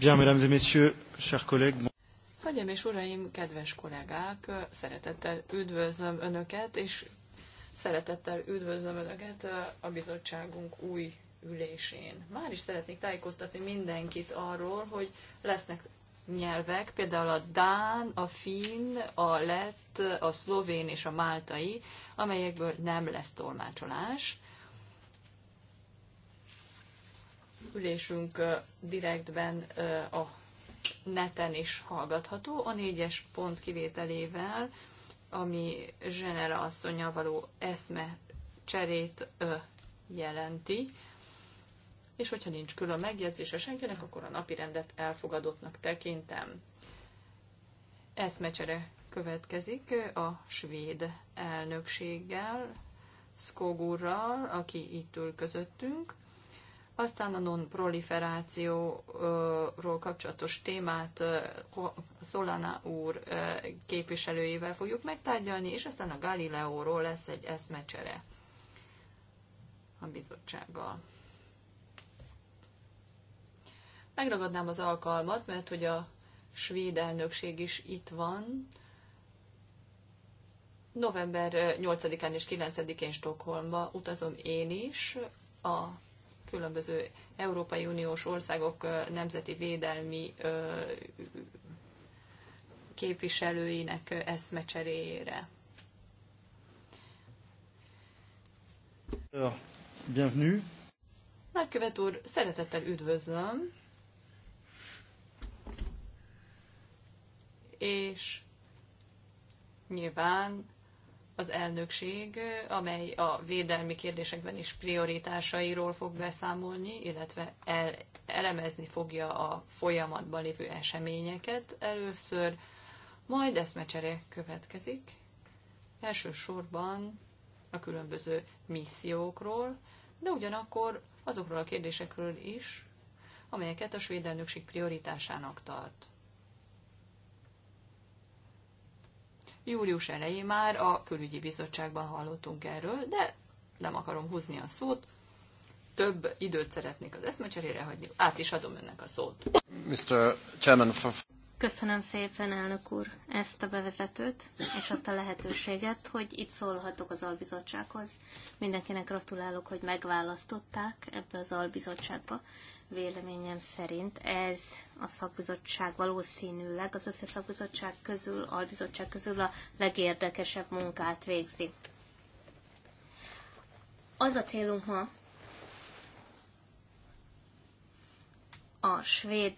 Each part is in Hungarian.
Bien, mesdames et messieurs, chers collègues. Hölgyeim és uraim, kedves kollégák, szeretettel üdvözlöm Önöket, és szeretettel üdvözlöm Önöket a bizottságunk új ülésén. Már is szeretnék tájékoztatni mindenkit arról, hogy lesznek nyelvek, például a dán, a finn, a lett, a szlovén és a máltai, amelyekből nem lesz tolmácsolás. ülésünk direktben a neten is hallgatható, a négyes pont kivételével, ami Zsenera asszonya való eszme cserét jelenti. És hogyha nincs külön megjegyzése senkinek, akkor a napi rendet elfogadottnak tekintem. Eszmecsere következik a svéd elnökséggel, Skogurral, aki itt ül közöttünk. Aztán a non-proliferációról kapcsolatos témát Solana úr képviselőjével fogjuk megtárgyalni, és aztán a Galileóról lesz egy eszmecsere a bizottsággal. Megragadnám az alkalmat, mert hogy a svéd elnökség is itt van. November 8-án és 9-én Stockholmba utazom én is a különböző Európai Uniós országok nemzeti védelmi képviselőinek eszmecseréjére. Euh, bienvenue. Nagykövet úr, szeretettel üdvözlöm. És nyilván az elnökség, amely a védelmi kérdésekben is prioritásairól fog beszámolni, illetve el, elemezni fogja a folyamatban lévő eseményeket először, majd eszmecsere következik, elsősorban a különböző missziókról, de ugyanakkor azokról a kérdésekről is, amelyeket a svéd elnökség prioritásának tart. Július elején már a külügyi bizottságban hallottunk erről, de nem akarom húzni a szót. Több időt szeretnék az eszmecserére hagyni. Át is adom önnek a szót. Mr. Chairman, for... Köszönöm szépen, elnök úr, ezt a bevezetőt, és azt a lehetőséget, hogy itt szólhatok az albizottsághoz. Mindenkinek gratulálok, hogy megválasztották ebbe az albizottságba. Véleményem szerint ez a szakbizottság valószínűleg az összes szakbizottság közül, albizottság közül a legérdekesebb munkát végzi. Az a célunk ma, a svéd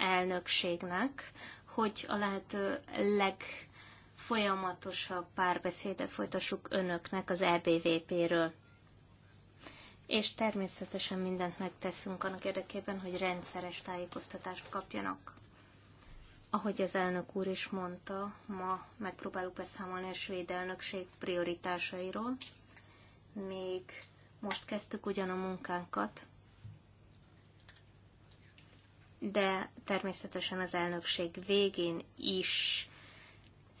elnökségnek, hogy a lehető legfolyamatosabb párbeszédet folytassuk önöknek az EBVP-ről. És természetesen mindent megteszünk annak érdekében, hogy rendszeres tájékoztatást kapjanak. Ahogy az elnök úr is mondta, ma megpróbálunk beszámolni a svéd elnökség prioritásairól. Még most kezdtük ugyan a munkánkat, de természetesen az elnökség végén is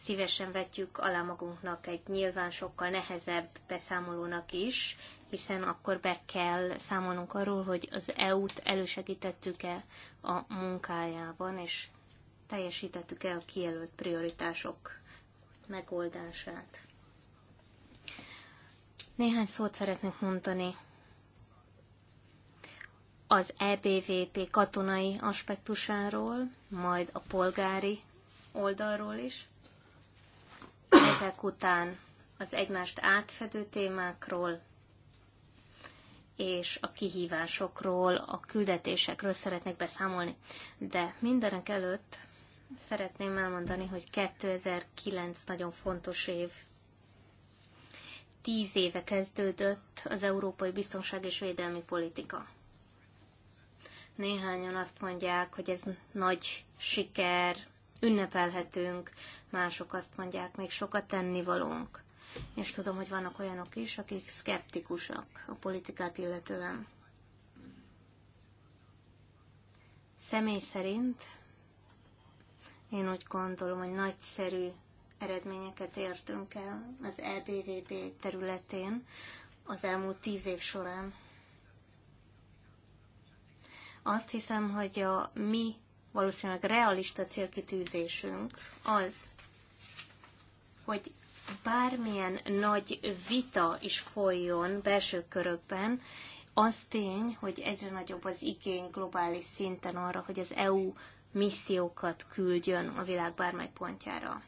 szívesen vetjük alá magunknak egy nyilván sokkal nehezebb beszámolónak is, hiszen akkor be kell számolnunk arról, hogy az EU-t elősegítettük-e a munkájában, és teljesítettük-e a kijelölt prioritások megoldását. Néhány szót szeretnék mondani az EBVP katonai aspektusáról, majd a polgári oldalról is. Ezek után az egymást átfedő témákról és a kihívásokról, a küldetésekről szeretnék beszámolni. De mindenek előtt szeretném elmondani, hogy 2009 nagyon fontos év. Tíz éve kezdődött az európai biztonság és védelmi politika. Néhányan azt mondják, hogy ez nagy siker, ünnepelhetünk, mások azt mondják, még sokat tennivalónk. És tudom, hogy vannak olyanok is, akik szkeptikusak a politikát illetően. Személy szerint én úgy gondolom, hogy nagyszerű eredményeket értünk el az EBVB területén az elmúlt tíz év során. Azt hiszem, hogy a mi valószínűleg realista célkitűzésünk az, hogy bármilyen nagy vita is folyjon belső körökben, az tény, hogy egyre nagyobb az igény globális szinten arra, hogy az EU missziókat küldjön a világ bármely pontjára.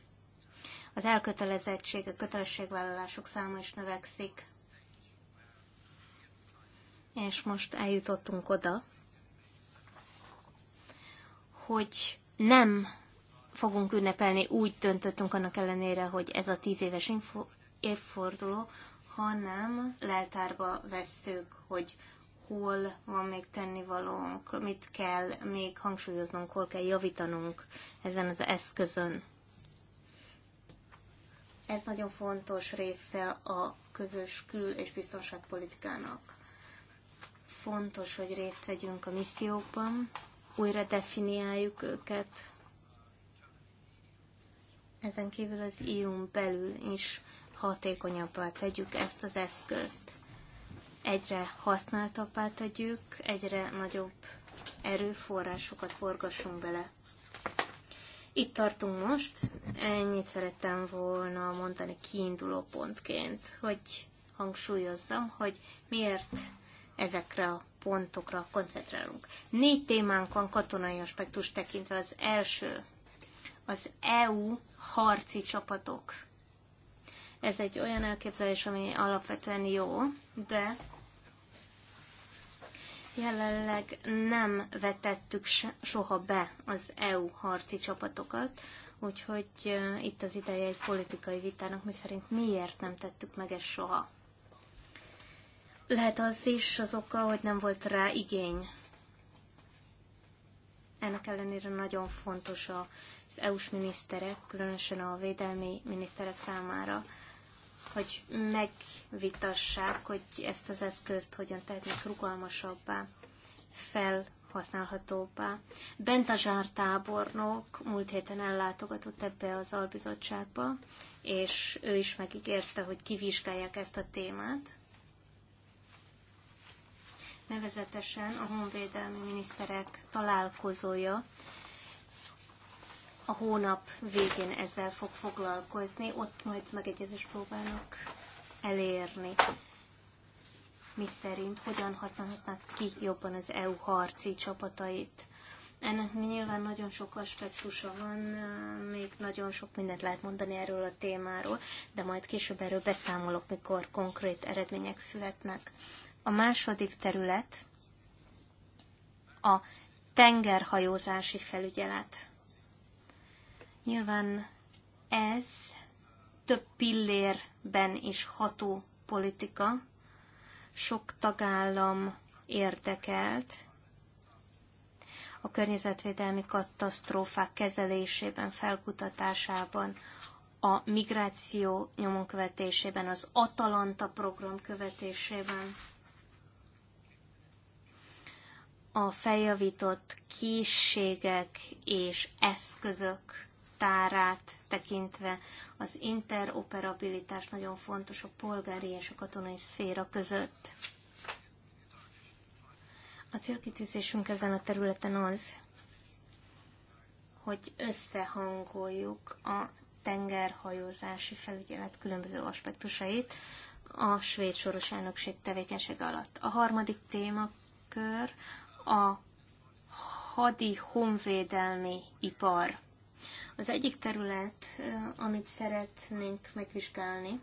Az elkötelezettség, a kötelességvállalások száma is növekszik. És most eljutottunk oda, hogy nem fogunk ünnepelni, úgy döntöttünk annak ellenére, hogy ez a tíz éves évforduló, hanem leltárba vesszük, hogy hol van még tennivalónk, mit kell még hangsúlyoznunk, hol kell javítanunk ezen az eszközön. Ez nagyon fontos része a közös kül- és biztonságpolitikának. Fontos, hogy részt vegyünk a missziókban, újra definiáljuk őket. Ezen kívül az ium belül is hatékonyabbá tegyük ezt az eszközt. Egyre használtabbá tegyük, egyre nagyobb erőforrásokat forgassunk bele. Itt tartunk most, ennyit szerettem volna mondani kiinduló pontként, hogy hangsúlyozzam, hogy miért ezekre a pontokra koncentrálunk. Négy témánk van katonai aspektus tekintve. Az első az EU harci csapatok. Ez egy olyan elképzelés, ami alapvetően jó, de jelenleg nem vetettük soha be az EU harci csapatokat, úgyhogy itt az ideje egy politikai vitának, mi szerint miért nem tettük meg ezt soha. Lehet az is az oka, hogy nem volt rá igény. Ennek ellenére nagyon fontos az EU-s miniszterek, különösen a védelmi miniszterek számára, hogy megvitassák, hogy ezt az eszközt hogyan tehetnek rugalmasabbá, felhasználhatóbbá. a zsártábornok múlt héten ellátogatott ebbe az albizottságba, és ő is megígérte, hogy kivizsgálják ezt a témát nevezetesen a honvédelmi miniszterek találkozója a hónap végén ezzel fog foglalkozni, ott majd megegyezést próbálnak elérni. Mi szerint hogyan használhatnak ki jobban az EU harci csapatait. Ennek nyilván nagyon sok aspektusa van, még nagyon sok mindent lehet mondani erről a témáról, de majd később erről beszámolok, mikor konkrét eredmények születnek. A második terület a tengerhajózási felügyelet. Nyilván ez több pillérben is ható politika, sok tagállam érdekelt, a környezetvédelmi katasztrófák kezelésében, felkutatásában, a migráció nyomon követésében, az Atalanta program követésében a feljavított készségek és eszközök tárát tekintve az interoperabilitás nagyon fontos a polgári és a katonai szféra között. A célkitűzésünk ezen a területen az, hogy összehangoljuk a tengerhajózási felügyelet különböző aspektusait a svéd soros elnökség tevékenysége alatt. A harmadik témakör a hadi honvédelmi ipar. Az egyik terület, amit szeretnénk megvizsgálni,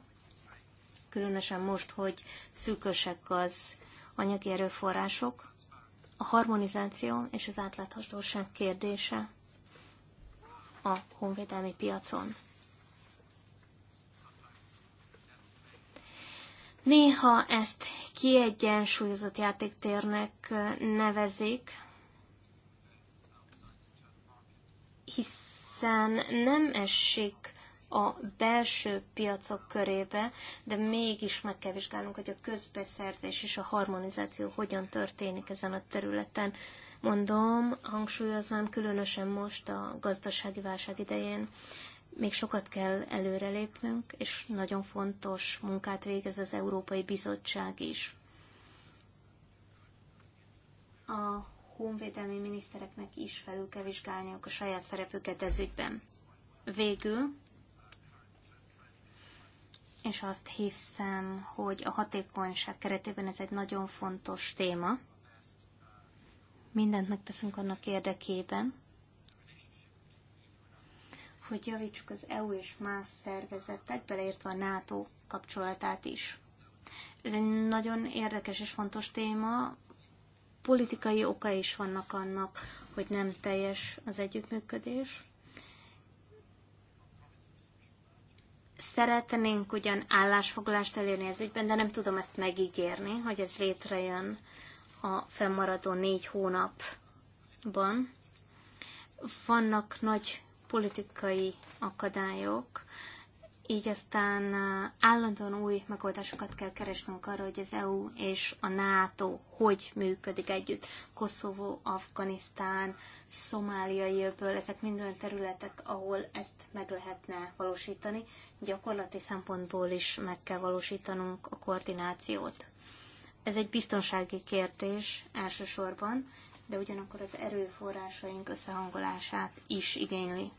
különösen most, hogy szűkösek az anyagi erőforrások, a harmonizáció és az átláthatóság kérdése a honvédelmi piacon. Néha ezt kiegyensúlyozott játéktérnek nevezik, hiszen nem esik a belső piacok körébe, de mégis meg kell vizsgálnunk, hogy a közbeszerzés és a harmonizáció hogyan történik ezen a területen. Mondom, hangsúlyoznám különösen most a gazdasági válság idején. Még sokat kell előrelépnünk, és nagyon fontos munkát végez az Európai Bizottság is. A honvédelmi minisztereknek is felül kell vizsgálniuk a saját szerepüket ez ügyben. Végül, és azt hiszem, hogy a hatékonyság keretében ez egy nagyon fontos téma. Mindent megteszünk annak érdekében, hogy javítsuk az EU és más szervezetek, beleértve a NATO kapcsolatát is. Ez egy nagyon érdekes és fontos téma. Politikai oka is vannak annak, hogy nem teljes az együttműködés. Szeretnénk ugyan állásfoglalást elérni az ügyben, de nem tudom ezt megígérni, hogy ez létrejön a fennmaradó négy hónapban. Vannak nagy politikai akadályok, így aztán állandóan új megoldásokat kell keresnünk arra, hogy az EU és a NATO hogy működik együtt. Koszovó, Afganisztán, Szomália jövből, ezek mind olyan területek, ahol ezt meg lehetne valósítani. Gyakorlati szempontból is meg kell valósítanunk a koordinációt. Ez egy biztonsági kérdés elsősorban, de ugyanakkor az erőforrásaink összehangolását is igényli.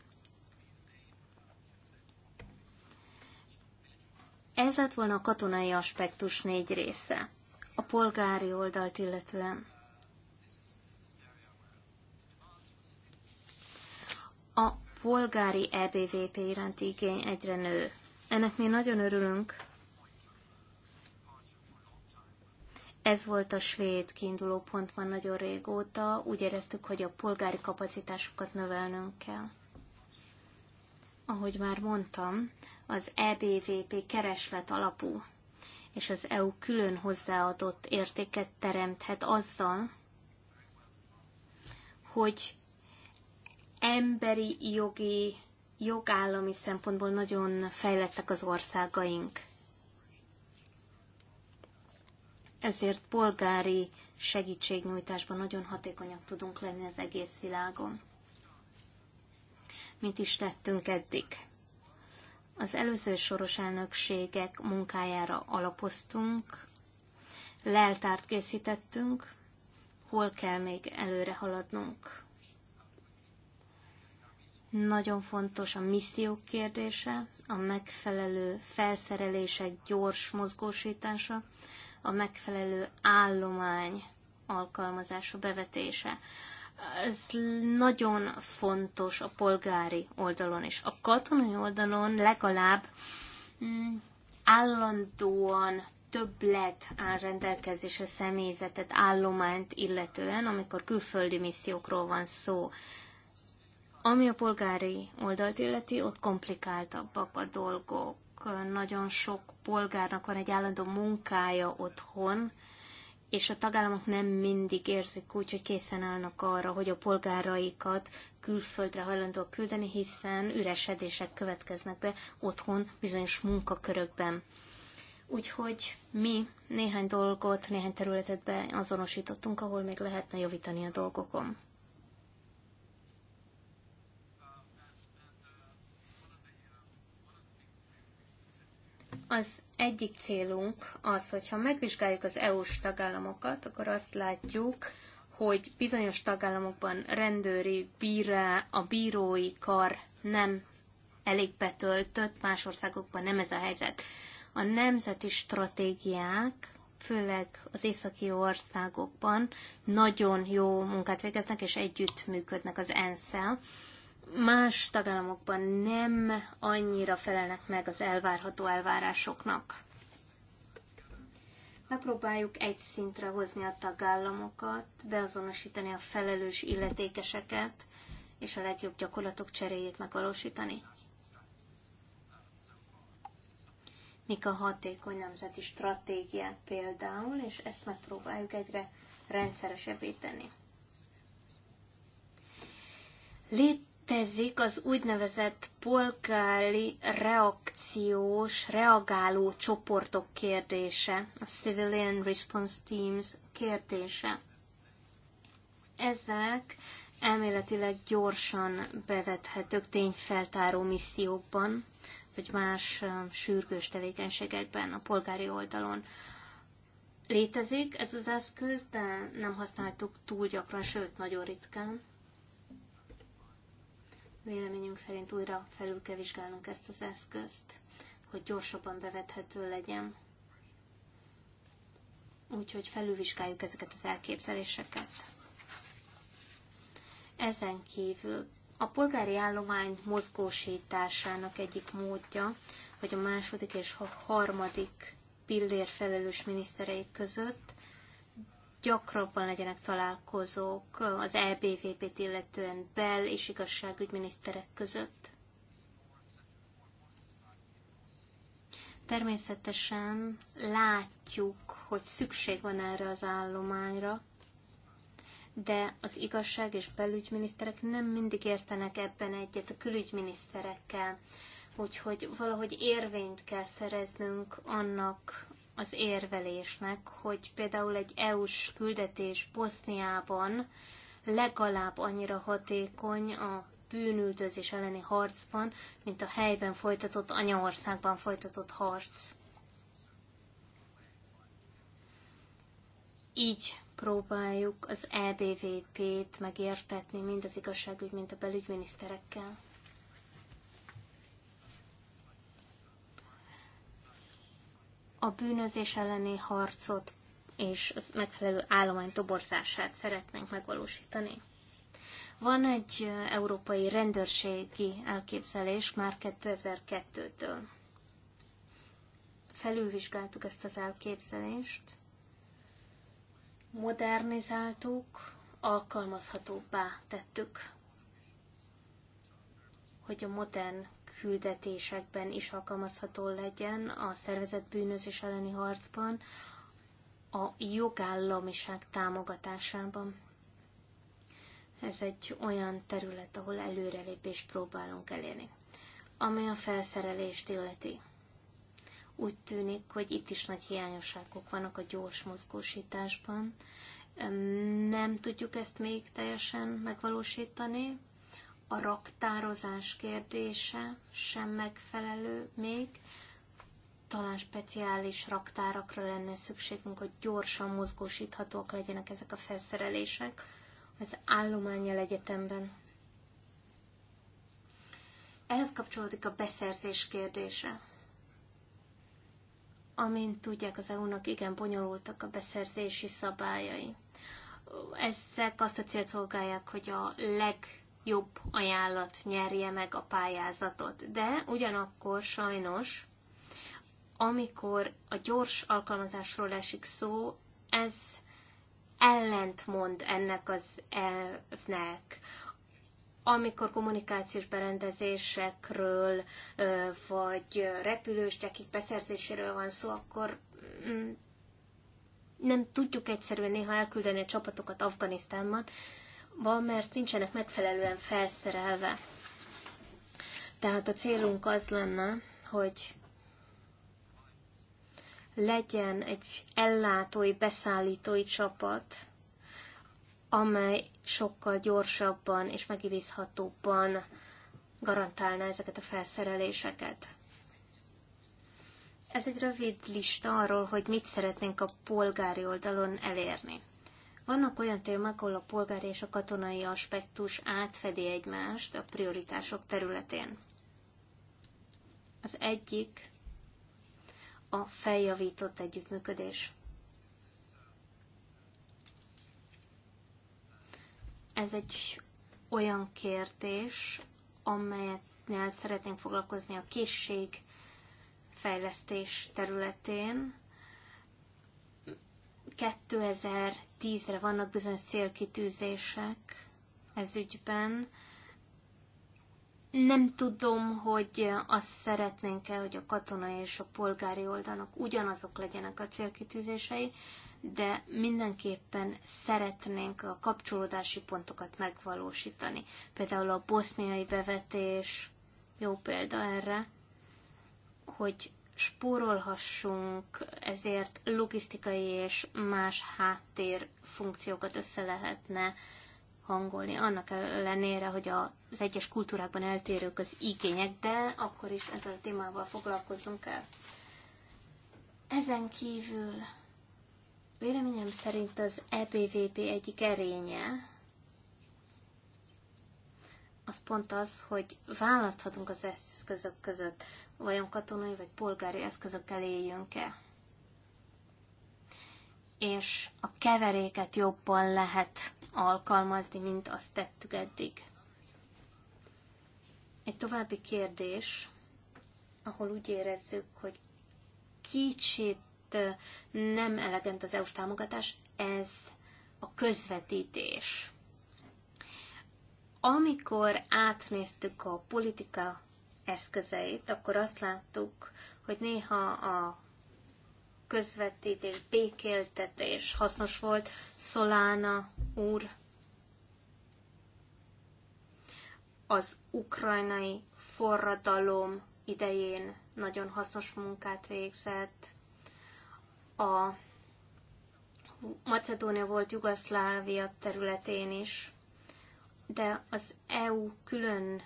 Ez lett volna a katonai aspektus négy része, a polgári oldalt illetően. A polgári EBVP iránti igény egyre nő. Ennek mi nagyon örülünk, Ez volt a svéd kiinduló pont már nagyon régóta. Úgy éreztük, hogy a polgári kapacitásukat növelnünk kell. Ahogy már mondtam, az EBVP kereslet alapú, és az EU külön hozzáadott értéket teremthet azzal, hogy emberi jogi, jogállami szempontból nagyon fejlettek az országaink ezért polgári segítségnyújtásban nagyon hatékonyak tudunk lenni az egész világon. Mit is tettünk eddig? Az előző soros elnökségek munkájára alapoztunk, leltárt készítettünk, hol kell még előre haladnunk. Nagyon fontos a missziók kérdése, a megfelelő felszerelések gyors mozgósítása, a megfelelő állomány alkalmazása, bevetése. Ez nagyon fontos a polgári oldalon is. A katonai oldalon legalább mm, állandóan többlet áll rendelkezésre személyzetet, állományt illetően, amikor külföldi missziókról van szó. Ami a polgári oldalt illeti, ott komplikáltabbak a dolgok nagyon sok polgárnak van egy állandó munkája otthon, és a tagállamok nem mindig érzik úgy, hogy készen állnak arra, hogy a polgáraikat külföldre hajlandóak küldeni, hiszen üresedések következnek be otthon bizonyos munkakörökben. Úgyhogy mi néhány dolgot, néhány területet beazonosítottunk, ahol még lehetne javítani a dolgokon. Az egyik célunk az, hogyha megvizsgáljuk az EU-s tagállamokat, akkor azt látjuk, hogy bizonyos tagállamokban rendőri bírá, a bírói kar nem elég betöltött, más országokban nem ez a helyzet. A nemzeti stratégiák, főleg az északi országokban nagyon jó munkát végeznek, és együttműködnek az ENSZ-el, más tagállamokban nem annyira felelnek meg az elvárható elvárásoknak. Megpróbáljuk egy szintre hozni a tagállamokat, beazonosítani a felelős illetékeseket, és a legjobb gyakorlatok cseréjét megvalósítani. Mik a hatékony nemzeti stratégiák például, és ezt megpróbáljuk egyre rendszeresebbé tenni. Lét létezik az úgynevezett polgári reakciós, reagáló csoportok kérdése, a Civilian Response Teams kérdése. Ezek elméletileg gyorsan bevethetők tényfeltáró missziókban, vagy más sürgős tevékenységekben a polgári oldalon. Létezik ez az eszköz, de nem használtuk túl gyakran, sőt, nagyon ritkán. Véleményünk szerint újra felül kell vizsgálnunk ezt az eszközt, hogy gyorsabban bevethető legyen. Úgyhogy felülvizsgáljuk ezeket az elképzeléseket. Ezen kívül a polgári állomány mozgósításának egyik módja, hogy a második és a harmadik pillér felelős miniszterei között gyakrabban legyenek találkozók az EBVP-t illetően bel- és igazságügyminiszterek között. Természetesen látjuk, hogy szükség van erre az állományra, de az igazság és belügyminiszterek nem mindig értenek ebben egyet a külügyminiszterekkel, úgyhogy valahogy érvényt kell szereznünk annak, az érvelésnek, hogy például egy EU-s küldetés Boszniában legalább annyira hatékony a bűnüldözés elleni harcban, mint a helyben folytatott anyaországban folytatott harc. Így próbáljuk az EBVP-t megértetni mind az igazságügy, mind a belügyminiszterekkel. a bűnözés elleni harcot és az megfelelő állomány toborzását szeretnénk megvalósítani. Van egy európai rendőrségi elképzelés már 2002-től. Felülvizsgáltuk ezt az elképzelést, modernizáltuk, alkalmazhatóbbá tettük, hogy a modern küldetésekben is alkalmazható legyen a szervezett bűnözés elleni harcban, a jogállamiság támogatásában. Ez egy olyan terület, ahol előrelépést próbálunk elérni. Ami a felszerelést illeti. Úgy tűnik, hogy itt is nagy hiányosságok vannak a gyors mozgósításban. Nem tudjuk ezt még teljesen megvalósítani, a raktározás kérdése sem megfelelő még. Talán speciális raktárakra lenne szükségünk, hogy gyorsan mozgósíthatóak legyenek ezek a felszerelések az állományjal egyetemben. Ehhez kapcsolódik a beszerzés kérdése. Amint tudják, az EU-nak igen bonyolultak a beszerzési szabályai. Ezek azt a célt szolgálják, hogy a leg jobb ajánlat nyerje meg a pályázatot. De ugyanakkor sajnos, amikor a gyors alkalmazásról esik szó, ez ellentmond ennek az elvnek amikor kommunikációs berendezésekről, vagy repülős gyakik beszerzéséről van szó, akkor mm, nem tudjuk egyszerűen néha elküldeni a csapatokat Afganisztánban, van, mert nincsenek megfelelően felszerelve. Tehát a célunk az lenne, hogy legyen egy ellátói, beszállítói csapat, amely sokkal gyorsabban és megbízhatóbban garantálná ezeket a felszereléseket. Ez egy rövid lista arról, hogy mit szeretnénk a polgári oldalon elérni. Vannak olyan témák, ahol a polgári és a katonai aspektus átfedi egymást a prioritások területén. Az egyik a feljavított együttműködés. Ez egy olyan kérdés, amelyet szeretnénk foglalkozni a készség fejlesztés területén, 2010-re vannak bizonyos célkitűzések ez ügyben. Nem tudom, hogy azt szeretnénk-e, hogy a katonai és a polgári oldalnak ugyanazok legyenek a célkitűzései, de mindenképpen szeretnénk a kapcsolódási pontokat megvalósítani. Például a boszniai bevetés jó példa erre, hogy spórolhassunk, ezért logisztikai és más háttér funkciókat össze lehetne hangolni. Annak ellenére, hogy az egyes kultúrákban eltérők az igények, de akkor is ezzel a témával foglalkozunk. el. Ezen kívül véleményem szerint az EBVB egyik erénye az pont az, hogy választhatunk az eszközök között vajon katonai vagy polgári eszközökkel éljünk-e. És a keveréket jobban lehet alkalmazni, mint azt tettük eddig. Egy további kérdés, ahol úgy érezzük, hogy kicsit nem elegent az EU-s támogatás, ez a közvetítés. Amikor átnéztük a politika eszközeit, akkor azt láttuk, hogy néha a közvetítés, békéltetés hasznos volt. Szolána úr az ukrajnai forradalom idején nagyon hasznos munkát végzett. A Macedónia volt Jugoszlávia területén is, de az EU külön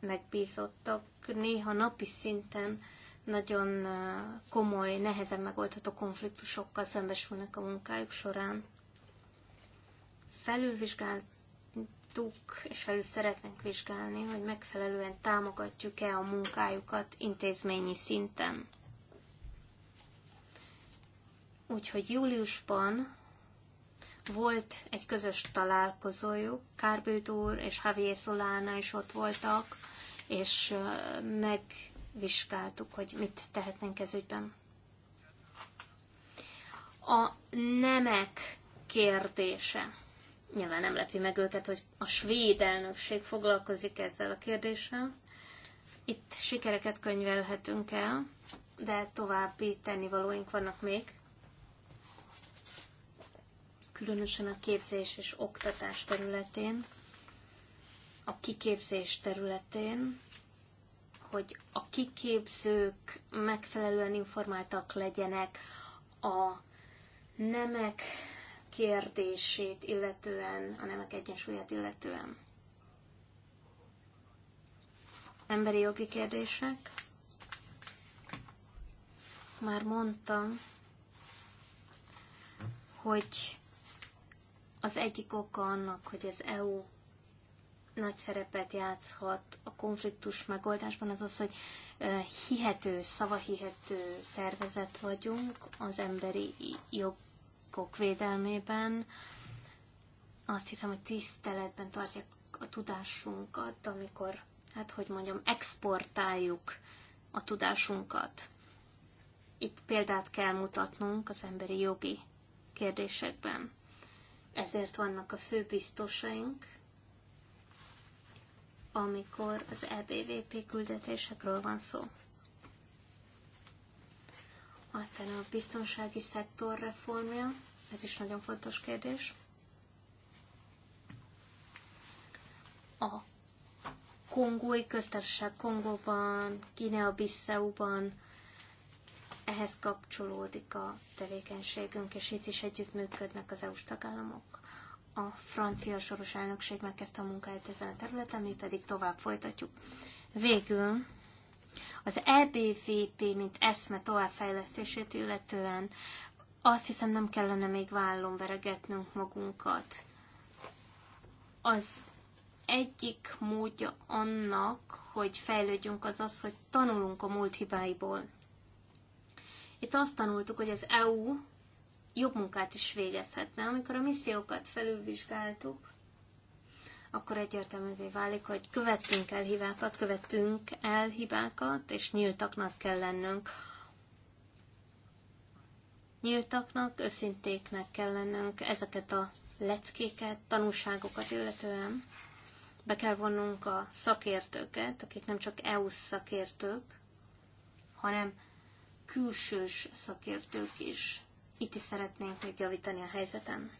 megbízottak néha napi szinten nagyon uh, komoly, nehezen megoldható konfliktusokkal szembesülnek a munkájuk során. Felülvizsgáltuk, és felül szeretnénk vizsgálni, hogy megfelelően támogatjuk-e a munkájukat intézményi szinten. Úgyhogy júliusban volt egy közös találkozójuk, Kárbült úr és Javier Solana is ott voltak, és megvizsgáltuk, hogy mit tehetnénk ez ügyben. A nemek kérdése. Nyilván nem lepi meg őket, hogy a svéd elnökség foglalkozik ezzel a kérdéssel. Itt sikereket könyvelhetünk el, de további tennivalóink vannak még különösen a képzés és oktatás területén, a kiképzés területén, hogy a kiképzők megfelelően informáltak legyenek a nemek kérdését illetően, a nemek egyensúlyát illetően. Emberi jogi kérdések. Már mondtam, hogy az egyik oka annak, hogy az EU nagy szerepet játszhat a konfliktus megoldásban, az az, hogy hihető, szavahihető szervezet vagyunk az emberi jogok védelmében. Azt hiszem, hogy tiszteletben tartják a tudásunkat, amikor, hát hogy mondjam, exportáljuk a tudásunkat. Itt példát kell mutatnunk az emberi jogi kérdésekben. Ezért vannak a főbiztosaink, amikor az EBVP küldetésekről van szó. Aztán a biztonsági szektor reformja, ez is nagyon fontos kérdés. A kongói köztársaság Kongóban, guinea bissau ehhez kapcsolódik a tevékenységünk, és itt is együttműködnek az EU-s tagállamok a francia soros elnökség megkezdte a munkáját ezen a területen, mi pedig tovább folytatjuk. Végül az EBVP, mint eszme továbbfejlesztését illetően azt hiszem nem kellene még vállon veregetnünk magunkat. Az egyik módja annak, hogy fejlődjünk, az az, hogy tanulunk a múlt hibáiból. Itt azt tanultuk, hogy az EU jobb munkát is végezhetne. Amikor a missziókat felülvizsgáltuk, akkor egyértelművé válik, hogy követtünk el hibákat, követtünk el hibákat, és nyíltaknak kell lennünk. Nyíltaknak, őszintéknek kell lennünk ezeket a leckéket, tanulságokat illetően. Be kell vonnunk a szakértőket, akik nem csak EU szakértők, hanem külsős szakértők is. Itt is szeretnénk még javítani a helyzetem.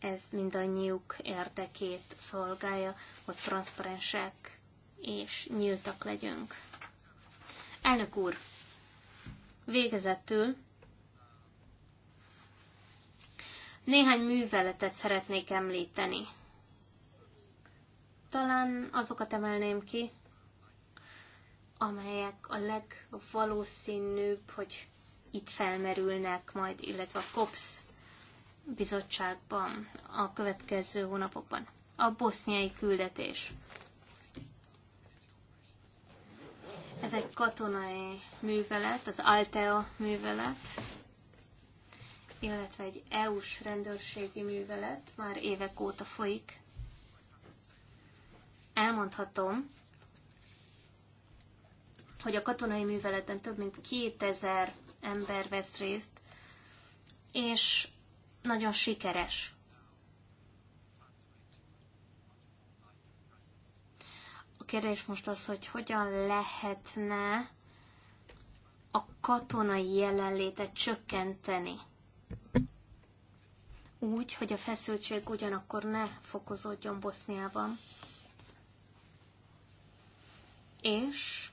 Ez mindannyiuk érdekét szolgálja, hogy transzparensek és nyíltak legyünk. Elnök úr, végezetül néhány műveletet szeretnék említeni. Talán azokat emelném ki, amelyek a legvalószínűbb, hogy itt felmerülnek majd, illetve a COPS bizottságban a következő hónapokban. A boszniai küldetés. Ez egy katonai művelet, az Altea művelet, illetve egy EU-s rendőrségi művelet, már évek óta folyik. Elmondhatom, hogy a katonai műveletben több mint 2000 ember vesz részt, és nagyon sikeres. A kérdés most az, hogy hogyan lehetne a katonai jelenlétet csökkenteni. Úgy, hogy a feszültség ugyanakkor ne fokozódjon Boszniában. És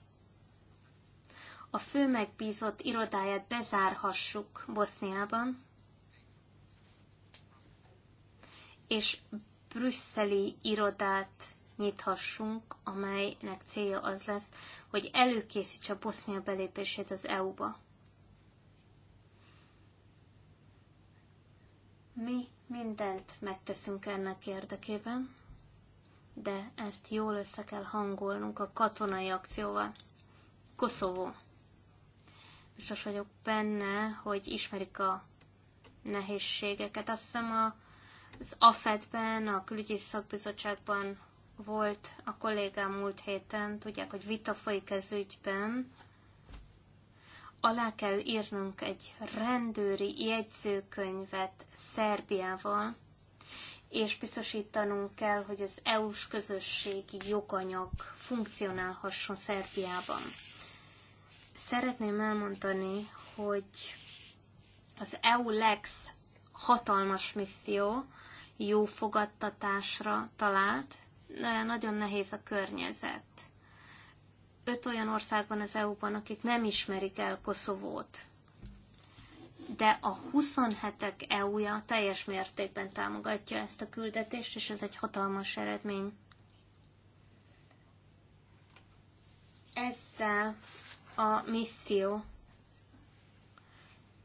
a fő megbízott irodáját bezárhassuk Boszniában, és brüsszeli irodát nyithassunk, amelynek célja az lesz, hogy előkészítse a Bosznia belépését az EU-ba. Mi mindent megteszünk ennek érdekében, de ezt jól össze kell hangolnunk a katonai akcióval. Koszovó biztos vagyok benne, hogy ismerik a nehézségeket. Azt hiszem a, az AFED-ben, a külügyi szakbizottságban volt a kollégám múlt héten, tudják, hogy vita folyik ez ügyben. Alá kell írnunk egy rendőri jegyzőkönyvet Szerbiával, és biztosítanunk kell, hogy az EU-s közösségi joganyag funkcionálhasson Szerbiában szeretném elmondani, hogy az EU-LEX hatalmas misszió jó fogadtatásra talált, nagyon nehéz a környezet. Öt olyan ország van az EU-ban, akik nem ismerik el Koszovót, de a 27-ek EU-ja teljes mértékben támogatja ezt a küldetést, és ez egy hatalmas eredmény. Ezzel a misszió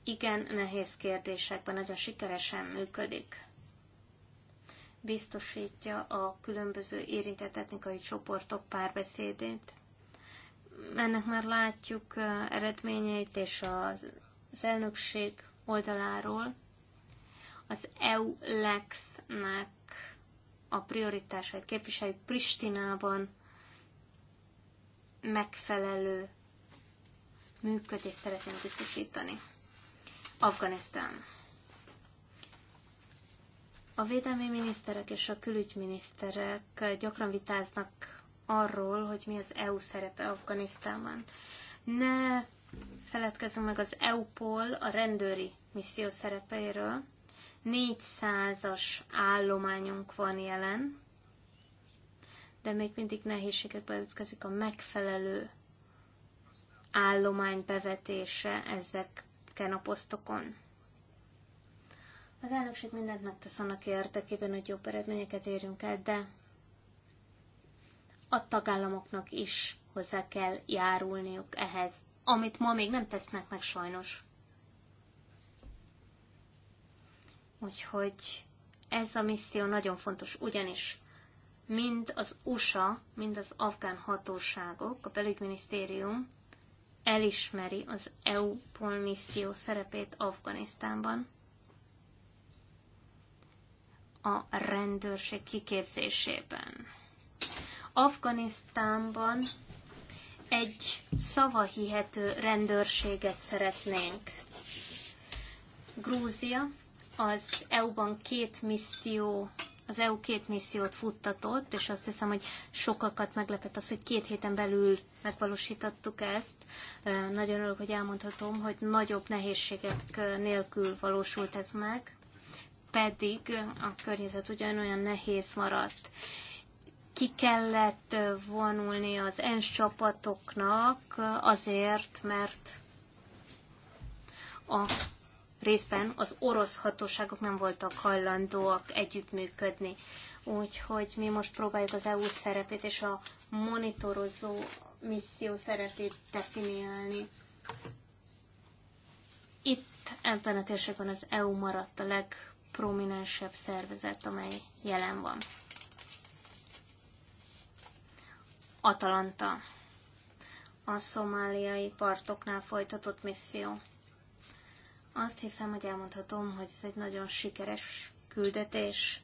igen nehéz kérdésekben nagyon sikeresen működik. Biztosítja a különböző érintett etnikai csoportok párbeszédét. Ennek már látjuk eredményeit és az elnökség oldaláról. Az EU e nek a prioritásait képviseljük Pristinában megfelelő működést szeretném biztosítani. Afganisztán. A védelmi miniszterek és a külügyminiszterek gyakran vitáznak arról, hogy mi az EU szerepe Afganisztánban. Ne feledkezzünk meg az EU-pól a rendőri misszió szerepeiről. 400-as állományunk van jelen, de még mindig nehézségekbe ütközik a megfelelő állomány bevetése ezeken a posztokon. Az elnökség mindent megtesz annak érdekében, hogy jobb eredményeket érjünk el, de a tagállamoknak is hozzá kell járulniuk ehhez, amit ma még nem tesznek meg sajnos. Úgyhogy ez a misszió nagyon fontos, ugyanis mind az USA, mind az afgán hatóságok, a belügyminisztérium elismeri az eu polmisszió szerepét Afganisztánban a rendőrség kiképzésében. Afganisztánban egy szavahihető rendőrséget szeretnénk. Grúzia az EU-ban két misszió az EU két missziót futtatott, és azt hiszem, hogy sokakat meglepett az, hogy két héten belül megvalósítottuk ezt. Nagyon örülök, hogy elmondhatom, hogy nagyobb nehézségek nélkül valósult ez meg, pedig a környezet ugyanolyan nehéz maradt ki kellett vonulni az ENSZ csapatoknak azért, mert a részben az orosz hatóságok nem voltak hajlandóak együttműködni. Úgyhogy mi most próbáljuk az EU szerepét és a monitorozó misszió szerepét definiálni. Itt ebben a térségben az EU maradt a legprominensebb szervezet, amely jelen van. Atalanta. A szomáliai partoknál folytatott misszió. Azt hiszem, hogy elmondhatom, hogy ez egy nagyon sikeres küldetés.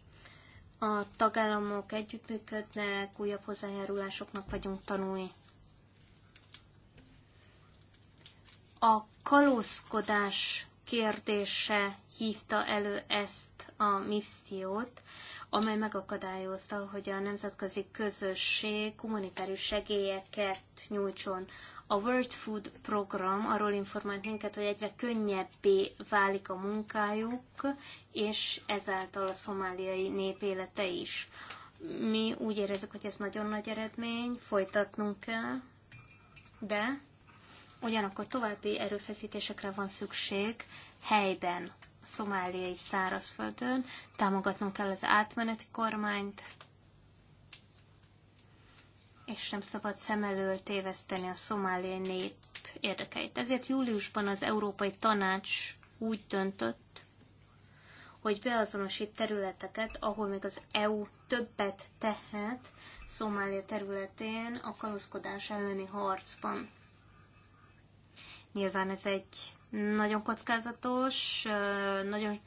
A tagállamok együttműködnek, újabb hozzájárulásoknak vagyunk tanulni. A kalózkodás kérdése hívta elő ezt a missziót, amely megakadályozta, hogy a nemzetközi közösség humanitárius segélyeket nyújtson a World Food Program arról informált minket, hogy egyre könnyebbé válik a munkájuk, és ezáltal a szomáliai nép élete is. Mi úgy érezzük, hogy ez nagyon nagy eredmény, folytatnunk kell, de ugyanakkor további erőfeszítésekre van szükség helyben, szomáliai szárazföldön, támogatnunk kell az átmeneti kormányt, és nem szabad szem elől téveszteni a szomáli nép érdekeit. Ezért júliusban az Európai Tanács úgy döntött, hogy beazonosít területeket, ahol még az EU többet tehet Szomália területén a kalózkodás elleni harcban. Nyilván ez egy nagyon kockázatos, nagyon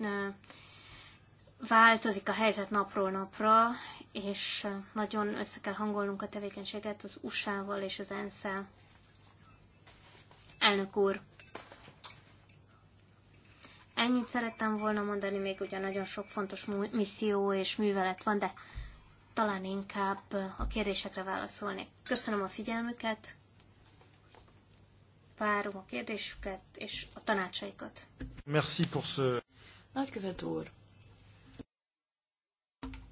változik a helyzet napról napra, és nagyon össze kell hangolnunk a tevékenységet az USA-val és az ensz -el. Elnök úr, ennyit szerettem volna mondani, még ugye nagyon sok fontos misszió és művelet van, de talán inkább a kérdésekre válaszolni. Köszönöm a figyelmüket, várom a kérdésüket és a tanácsaikat. Merci pour ce... Nagykövet úr,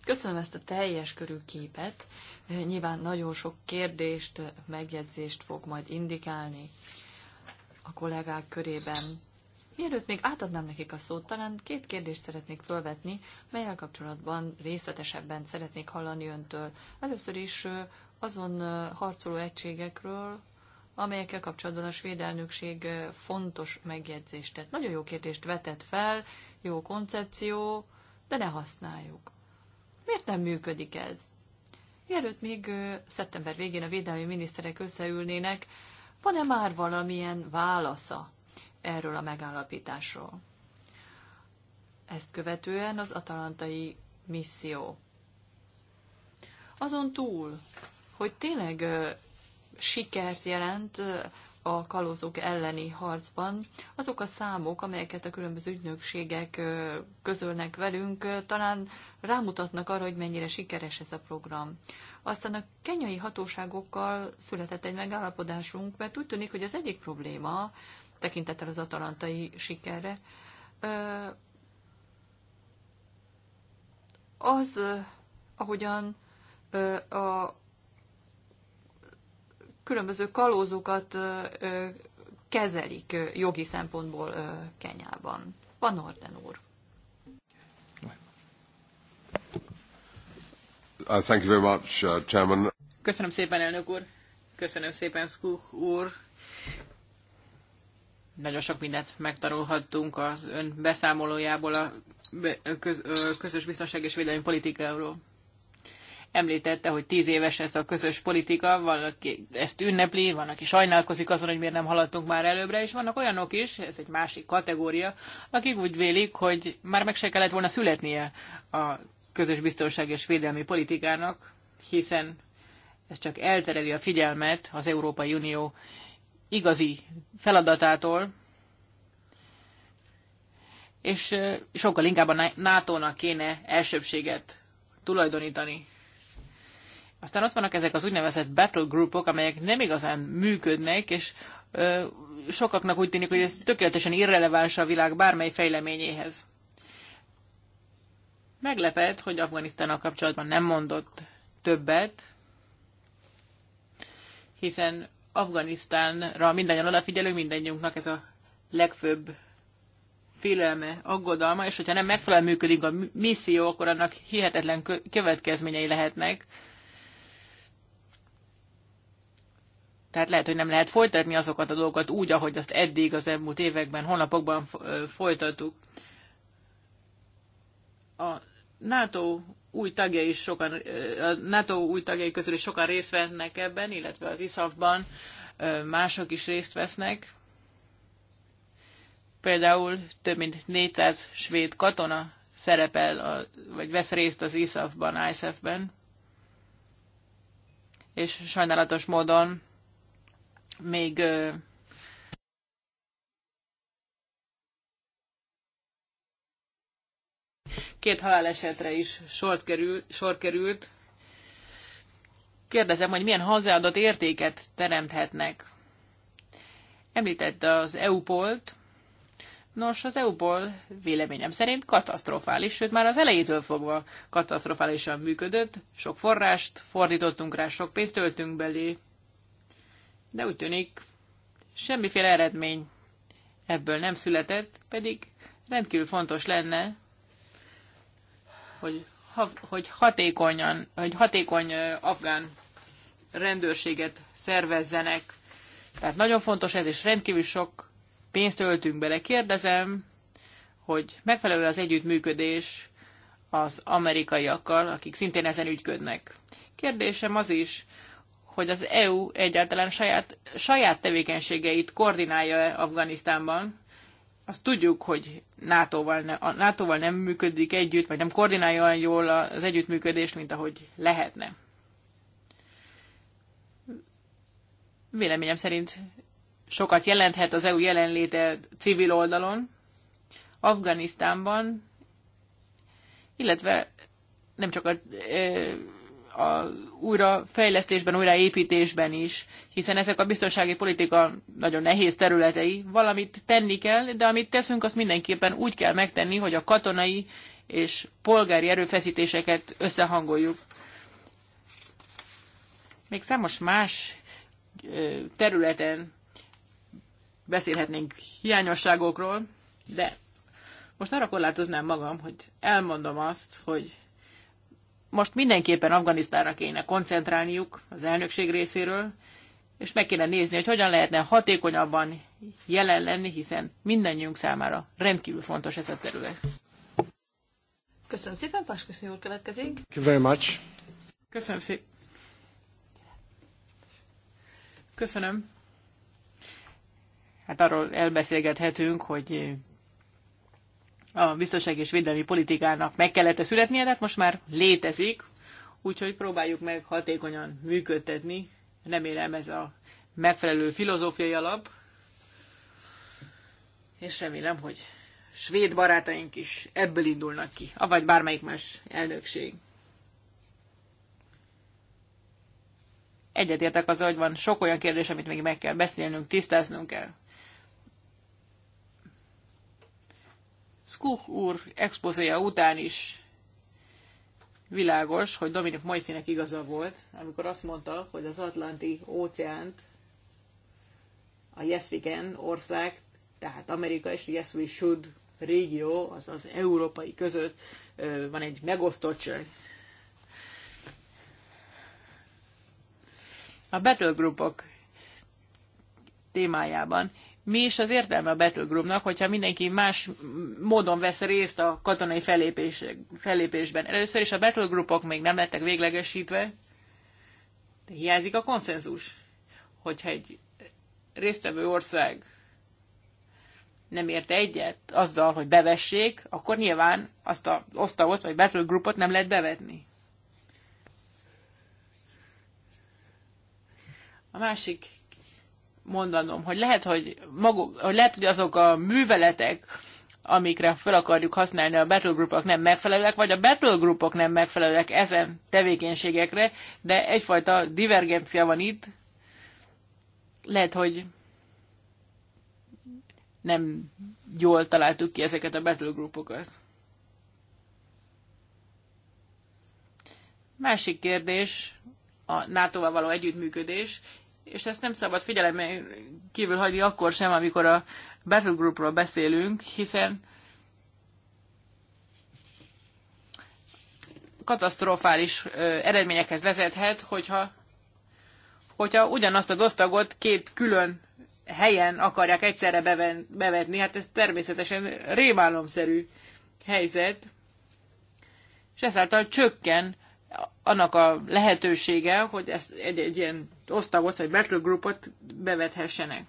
Köszönöm ezt a teljes körű képet. Nyilván nagyon sok kérdést, megjegyzést fog majd indikálni a kollégák körében. Mielőtt még átadnám nekik a szót, talán két kérdést szeretnék felvetni, melyel kapcsolatban részletesebben szeretnék hallani öntől. Először is azon harcoló egységekről, amelyekkel kapcsolatban a svéd elnökség fontos megjegyzést tett. Nagyon jó kérdést vetett fel, jó koncepció, de ne használjuk. Miért nem működik ez? Mielőtt még szeptember végén a védelmi miniszterek összeülnének, van-e már valamilyen válasza erről a megállapításról? Ezt követően az atalantai misszió. Azon túl, hogy tényleg sikert jelent a kalózók elleni harcban. Azok a számok, amelyeket a különböző ügynökségek közölnek velünk, talán rámutatnak arra, hogy mennyire sikeres ez a program. Aztán a kenyai hatóságokkal született egy megállapodásunk, mert úgy tűnik, hogy az egyik probléma, tekintettel az atalantai sikerre, az, ahogyan a különböző kalózokat kezelik jogi szempontból Kenyában. Van Orden úr. Uh, thank you very much, uh, Chairman. Köszönöm szépen, elnök úr. Köszönöm szépen, Skuch úr. Nagyon sok mindent megtanulhattunk az ön beszámolójából a közös biztonság és védelmi politikáról. Említette, hogy tíz éves ez a közös politika, aki ezt ünnepli, van, aki sajnálkozik azon, hogy miért nem haladtunk már előbbre, és vannak olyanok is, ez egy másik kategória, akik úgy vélik, hogy már meg se kellett volna születnie a közös biztonság és védelmi politikának, hiszen ez csak eltereli a figyelmet az Európai Unió igazi feladatától, és sokkal inkább a NATO-nak kéne elsőbséget tulajdonítani. Aztán ott vannak ezek az úgynevezett battle groupok, amelyek nem igazán működnek, és ö, sokaknak úgy tűnik, hogy ez tökéletesen irreleváns a világ bármely fejleményéhez. Meglepett, hogy Afganisztánnal kapcsolatban nem mondott többet, hiszen Afganisztánra mindannyian odafigyelő, mindannyiunknak ez a legfőbb félelme, aggodalma, és hogyha nem megfelelően működik a misszió, akkor annak hihetetlen következményei lehetnek Tehát lehet, hogy nem lehet folytatni azokat a dolgokat úgy, ahogy azt eddig az elmúlt években, hónapokban folytattuk. A NATO új tagja is sokan, a NATO új tagjai közül is sokan részt vennek ebben, illetve az ISAF-ban mások is részt vesznek. Például több mint 400 svéd katona szerepel, vagy vesz részt az ISAF-ban, ISAF-ben. És sajnálatos módon még két halálesetre is sort kerül, sor került. Kérdezem, hogy milyen hozzáadott értéket teremthetnek. Említette az EU-polt. Nos, az EU-pol véleményem szerint katasztrofális, sőt már az elejétől fogva katasztrofálisan működött. Sok forrást fordítottunk rá, sok pénzt töltünk belé, de úgy tűnik, semmiféle eredmény ebből nem született, pedig rendkívül fontos lenne, hogy, ha, hogy, hatékonyan, hogy hatékony afgán rendőrséget szervezzenek. Tehát nagyon fontos ez, és rendkívül sok pénzt öltünk bele. Kérdezem, hogy megfelelő az együttműködés az amerikaiakkal, akik szintén ezen ügyködnek. Kérdésem az is, hogy az EU egyáltalán saját, saját tevékenységeit koordinálja Afganisztánban. Azt tudjuk, hogy NATO-val, ne, a NATO-val nem működik együtt, vagy nem koordinálja olyan jól az együttműködést, mint ahogy lehetne. Véleményem szerint sokat jelenthet az EU jelenléte civil oldalon, Afganisztánban, illetve nem csak a a újrafejlesztésben, újraépítésben is, hiszen ezek a biztonsági politika nagyon nehéz területei. Valamit tenni kell, de amit teszünk, azt mindenképpen úgy kell megtenni, hogy a katonai és polgári erőfeszítéseket összehangoljuk. Még számos más területen beszélhetnénk hiányosságokról, de most arra korlátoznám magam, hogy elmondom azt, hogy most mindenképpen Afganisztánra kéne koncentrálniuk az elnökség részéről, és meg kéne nézni, hogy hogyan lehetne hatékonyabban jelen lenni, hiszen mindannyiunk számára rendkívül fontos ez a terület. Köszönöm szépen, Páskusz úr következik. Thank you very much. Köszönöm szépen. Köszönöm. Hát arról elbeszélgethetünk, hogy a biztonság és védelmi politikának meg kellett -e születnie, tehát most már létezik, úgyhogy próbáljuk meg hatékonyan működtetni. Remélem ez a megfelelő filozófiai alap, és remélem, hogy svéd barátaink is ebből indulnak ki, avagy bármelyik más elnökség. Egyetértek az, hogy van sok olyan kérdés, amit még meg kell beszélnünk, tisztáznunk kell. Skuch úr expozéja után is világos, hogy Dominik Moisinek igaza volt, amikor azt mondta, hogy az Atlanti óceánt a Yes We Can ország, tehát Amerika és a Yes We Should régió, az az európai között van egy megosztottság. A battle groupok témájában mi is az értelme a Battlegroupnak, hogyha mindenki más módon vesz részt a katonai fellépés, fellépésben. Először is a Battlegroupok még nem lettek véglegesítve, de hiányzik a konszenzus, hogyha egy résztvevő ország nem érte egyet azzal, hogy bevessék, akkor nyilván azt a az osztagot vagy battlegroupot nem lehet bevetni. A másik mondanom, hogy lehet, hogy, maguk, hogy lehet, hogy azok a műveletek, amikre fel akarjuk használni a battlegroupok nem megfelelőek, vagy a battlegroupok nem megfelelőek ezen tevékenységekre, de egyfajta divergencia van itt. Lehet, hogy nem jól találtuk ki ezeket a battlegroupokat. Másik kérdés a NATO-val való együttműködés és ezt nem szabad figyelemmel kívül hagyni akkor sem, amikor a Groupról beszélünk, hiszen katasztrofális eredményekhez vezethet, hogyha, hogyha ugyanazt az osztagot két külön helyen akarják egyszerre bevetni, hát ez természetesen rémálomszerű helyzet, és ezáltal csökken annak a lehetősége, hogy ezt egy, egy ilyen osztagot vagy battle groupot bevethessenek.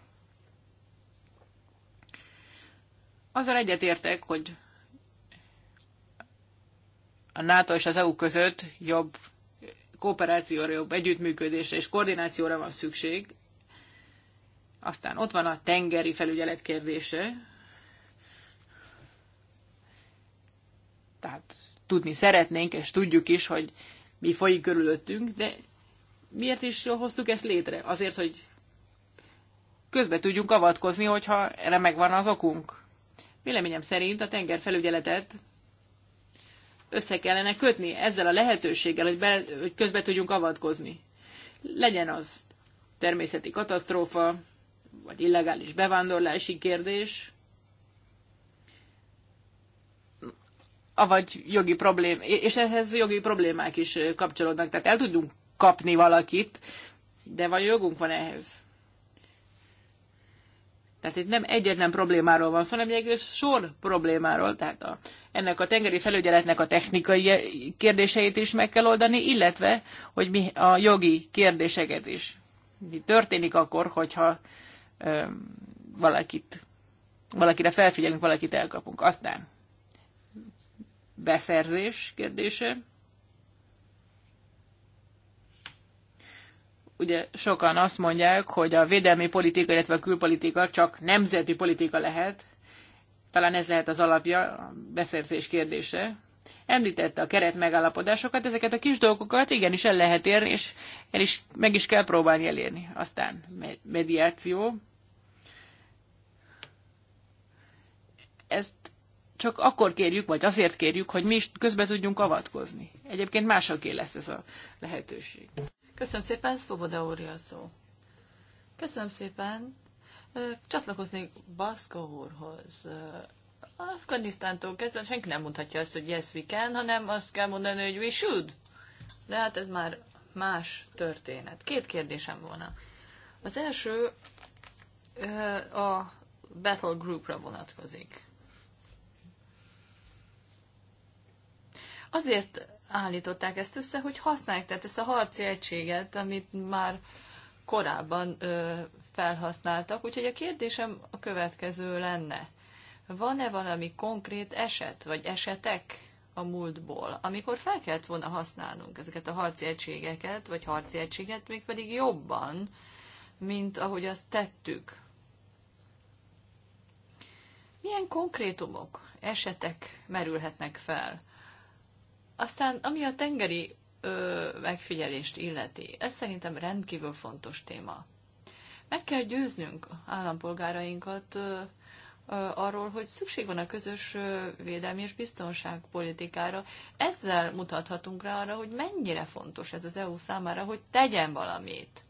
Azzal egyetértek, hogy a NATO és az EU között jobb kooperációra, jobb együttműködésre és koordinációra van szükség. Aztán ott van a tengeri felügyelet kérdése. Tehát tudni szeretnénk, és tudjuk is, hogy mi folyik körülöttünk, de miért is hoztuk ezt létre? Azért, hogy közbe tudjunk avatkozni, hogyha erre megvan az okunk. Véleményem szerint a tengerfelügyeletet össze kellene kötni ezzel a lehetőséggel, hogy, be, hogy közbe tudjunk avatkozni. Legyen az természeti katasztrófa, vagy illegális bevándorlási kérdés, avagy jogi problém, és ehhez jogi problémák is kapcsolódnak. Tehát el tudunk kapni valakit, de van jogunk van ehhez. Tehát itt nem egyetlen problémáról van szó, hanem egy egész sor problémáról. Tehát a, ennek a tengeri felügyeletnek a technikai kérdéseit is meg kell oldani, illetve hogy mi a jogi kérdéseket is. Mi történik akkor, hogyha ö, valakit, valakire felfigyelünk, valakit elkapunk. Aztán beszerzés kérdése. Ugye sokan azt mondják, hogy a védelmi politika, illetve a külpolitika csak nemzeti politika lehet. Talán ez lehet az alapja a beszerzés kérdése. Említette a keret megállapodásokat, ezeket a kis dolgokat igenis el lehet érni, és el is, meg is kell próbálni elérni. Aztán mediáció. Ezt csak akkor kérjük, vagy azért kérjük, hogy mi is közbe tudjunk avatkozni. Egyébként másoké lesz ez a lehetőség. Köszönöm szépen, Svoboda úr a szó. Köszönöm szépen. Csatlakoznék Baszka úrhoz. Afganisztántól kezdve senki nem mondhatja azt, hogy yes we can, hanem azt kell mondani, hogy we should. De hát ez már más történet. Két kérdésem volna. Az első a Battle Groupra vonatkozik. Azért állították ezt össze, hogy használják tehát ezt a harci egységet, amit már korábban ö, felhasználtak. Úgyhogy a kérdésem a következő lenne. Van-e valami konkrét eset, vagy esetek a múltból, amikor fel kellett volna használnunk ezeket a harci egységeket, vagy harci egységet, mégpedig jobban, mint ahogy azt tettük? Milyen konkrétumok, esetek merülhetnek fel? Aztán, ami a tengeri ö, megfigyelést illeti, ez szerintem rendkívül fontos téma. Meg kell győznünk állampolgárainkat ö, ö, arról, hogy szükség van a közös ö, védelmi és politikára. Ezzel mutathatunk rá arra, hogy mennyire fontos ez az EU számára, hogy tegyen valamit.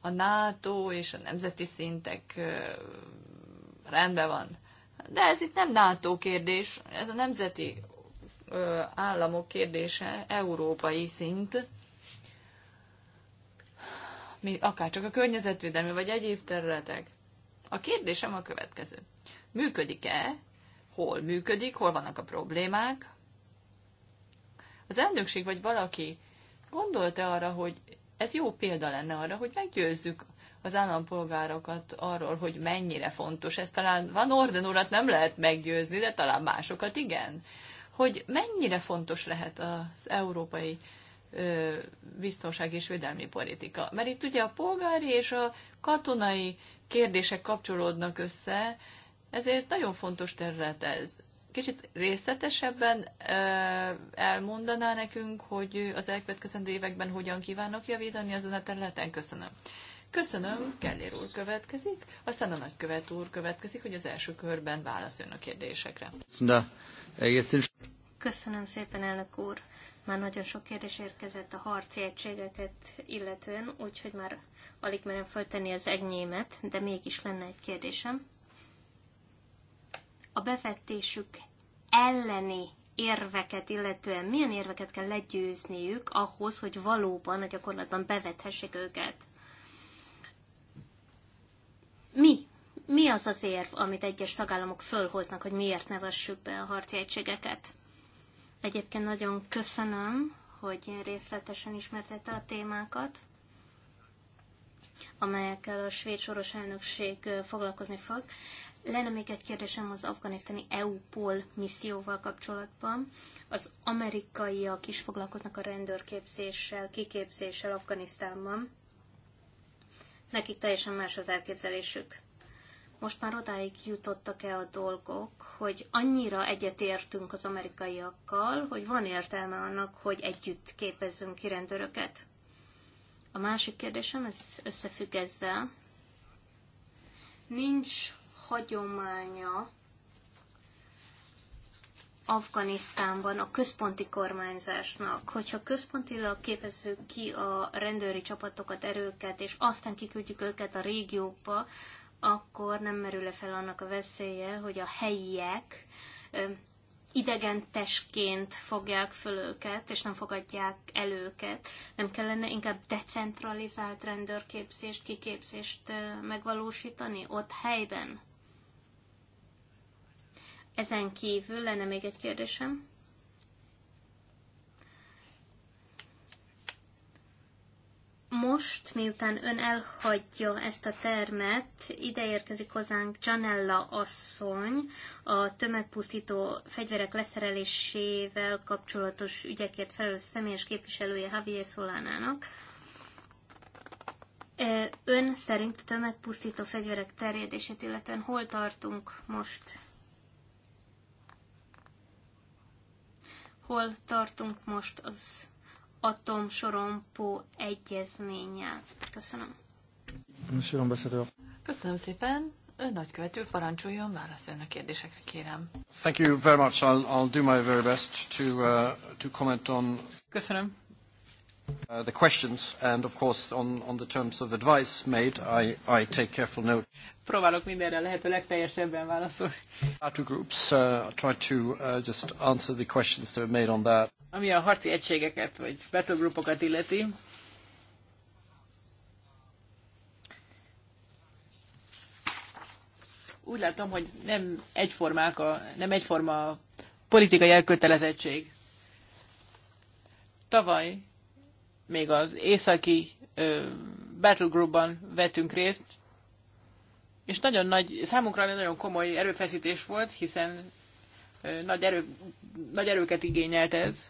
A NATO és a nemzeti szintek ö, rendben van. De ez itt nem NATO kérdés, ez a nemzeti államok kérdése európai szint, akár csak a környezetvédelmi vagy egyéb területek. A kérdésem a következő. Működik-e? Hol működik? Hol vannak a problémák? Az elnökség vagy valaki gondolta arra, hogy ez jó példa lenne arra, hogy meggyőzzük az állampolgárokat arról, hogy mennyire fontos ez. Talán Van Orden urat nem lehet meggyőzni, de talán másokat igen hogy mennyire fontos lehet az európai biztonság és védelmi politika. Mert itt ugye a polgári és a katonai kérdések kapcsolódnak össze, ezért nagyon fontos terület ez. Kicsit részletesebben elmondaná nekünk, hogy az elkövetkezendő években hogyan kívánok javítani azon a területen? Köszönöm. Köszönöm, Kellér úr következik, aztán a nagykövet úr következik, hogy az első körben válaszoljon a kérdésekre. De. Köszönöm szépen, elnök úr. Már nagyon sok kérdés érkezett a harci egységeket illetően, úgyhogy már alig merem föltenni az enyémet, de mégis lenne egy kérdésem. A befettésük elleni érveket illetően milyen érveket kell legyőzniük ahhoz, hogy valóban a gyakorlatban bevethessék őket? Mi mi az az érv, amit egyes tagállamok fölhoznak, hogy miért nevessük be a harci egységeket? Egyébként nagyon köszönöm, hogy ilyen részletesen ismertette a témákat, amelyekkel a svéd soros elnökség foglalkozni fog. Lenne még egy kérdésem az afganisztáni EU-POL misszióval kapcsolatban. Az amerikaiak is foglalkoznak a rendőrképzéssel, kiképzéssel Afganisztánban. Nekik teljesen más az elképzelésük. Most már odáig jutottak el a dolgok, hogy annyira egyetértünk az amerikaiakkal, hogy van értelme annak, hogy együtt képezzünk ki rendőröket. A másik kérdésem, ez összefügg ezzel. Nincs hagyománya Afganisztánban a központi kormányzásnak, hogyha központilag képezzük ki a rendőri csapatokat, erőket, és aztán kiküldjük őket a régiókba, akkor nem merül-e fel annak a veszélye, hogy a helyiek idegen testként fogják föl őket, és nem fogadják el őket. Nem kellene inkább decentralizált rendőrképzést, kiképzést megvalósítani ott helyben? Ezen kívül lenne még egy kérdésem. most, miután ön elhagyja ezt a termet, ide érkezik hozzánk Janella asszony, a tömegpusztító fegyverek leszerelésével kapcsolatos ügyekért felelős személyes képviselője Javier Szolánának. Ön szerint a tömegpusztító fegyverek terjedését, illetően hol tartunk most? Hol tartunk most az atomsorompó egyezménnyel. Köszönöm. Monsieur Ambassador. Köszönöm szépen. Ön nagykövető parancsoljon, válaszoljon a kérdésekre, kérem. Thank you very much. I'll, I'll do my very best to, uh, to comment on... Köszönöm. Uh, the questions and of course on, on the terms of advice made, I, I take careful note. Próbálok mindenre lehető legteljesebben válaszolni. Our two groups uh, try to uh, just answer the questions that were made on that ami a harci egységeket, vagy battlegroupokat illeti, úgy látom, hogy nem egyformák a, nem egyforma a politikai elkötelezettség. Tavaly még az északi ö, battlegroupban vettünk részt, és nagyon nagy, számunkra nagyon komoly erőfeszítés volt, hiszen ö, nagy, erő, nagy erőket igényelt ez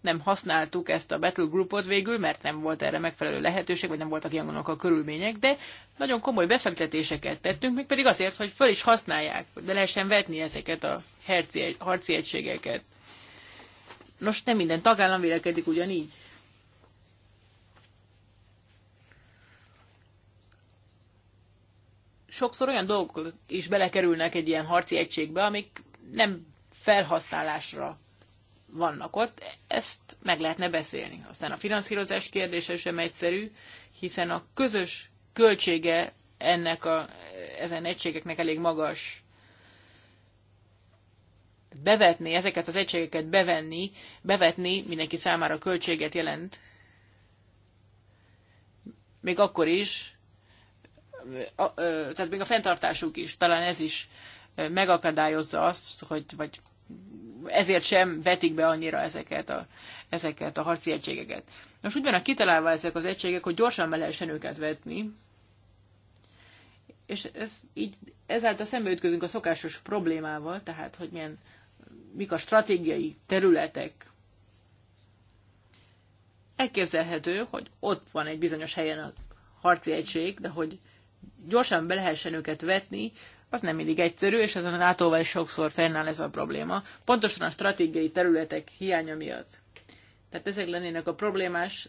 nem használtuk ezt a Battle Groupot végül, mert nem volt erre megfelelő lehetőség, vagy nem voltak ilyen a körülmények, de nagyon komoly befektetéseket tettünk, még pedig azért, hogy föl is használják, hogy be lehessen vetni ezeket a herci, harci egységeket. Nos, nem minden tagállam vélekedik ugyanígy. Sokszor olyan dolgok is belekerülnek egy ilyen harci egységbe, amik nem felhasználásra vannak ott, ezt meg lehetne beszélni. Aztán a finanszírozás kérdése sem egyszerű, hiszen a közös költsége ennek a, ezen egységeknek elég magas. Bevetni, ezeket az egységeket bevenni, bevetni mindenki számára költséget jelent. Még akkor is, a, a, tehát még a fenntartásuk is, talán ez is megakadályozza azt, hogy, vagy ezért sem vetik be annyira ezeket a, ezeket a harci egységeket. Most úgy vannak kitalálva ezek az egységek, hogy gyorsan be lehessen őket vetni, és ez, így, ezáltal szembeütközünk a szokásos problémával, tehát hogy milyen, mik a stratégiai területek. Elképzelhető, hogy ott van egy bizonyos helyen a harci egység, de hogy gyorsan be lehessen őket vetni, az nem mindig egyszerű, és ezen nato is sokszor fennáll ez a probléma, pontosan a stratégiai területek hiánya miatt. Tehát ezek lennének a problémás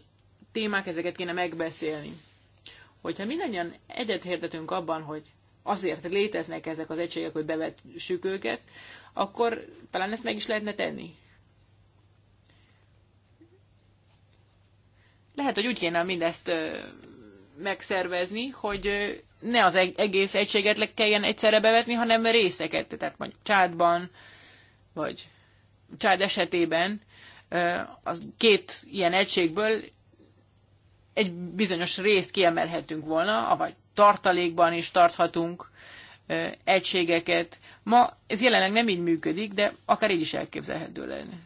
témák, ezeket kéne megbeszélni. Hogyha mindannyian egyet hirdetünk abban, hogy azért léteznek ezek az egységek, hogy bevetsük őket, akkor talán ezt meg is lehetne tenni. Lehet, hogy úgy kéne mindezt megszervezni, hogy ne az egész egységet kelljen egyszerre bevetni, hanem részeket, tehát mondjuk csádban, vagy csád esetében az két ilyen egységből egy bizonyos részt kiemelhetünk volna, vagy tartalékban is tarthatunk egységeket. Ma ez jelenleg nem így működik, de akár így is elképzelhető lenne.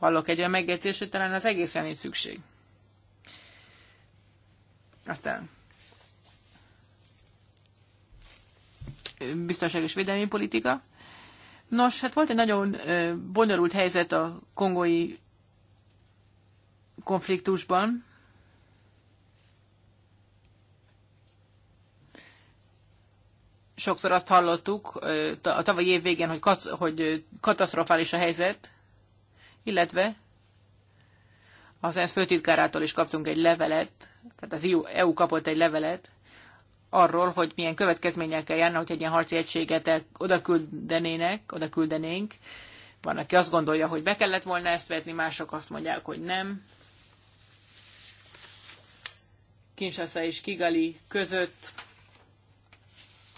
hallok egy olyan megjegyzést, hogy talán az egészen is szükség. Aztán biztonság és védelmi politika. Nos, hát volt egy nagyon bonyolult helyzet a kongói konfliktusban. Sokszor azt hallottuk a tavalyi év végén, hogy, hogy katasztrofális a helyzet, illetve az ENSZ főtitkárától is kaptunk egy levelet, tehát az EU e kapott egy levelet arról, hogy milyen következményekkel járna, hogy egy ilyen harci egységet oda küldenének, oda küldenénk. Van, aki azt gondolja, hogy be kellett volna ezt vetni, mások azt mondják, hogy nem. Kinshasa és Kigali között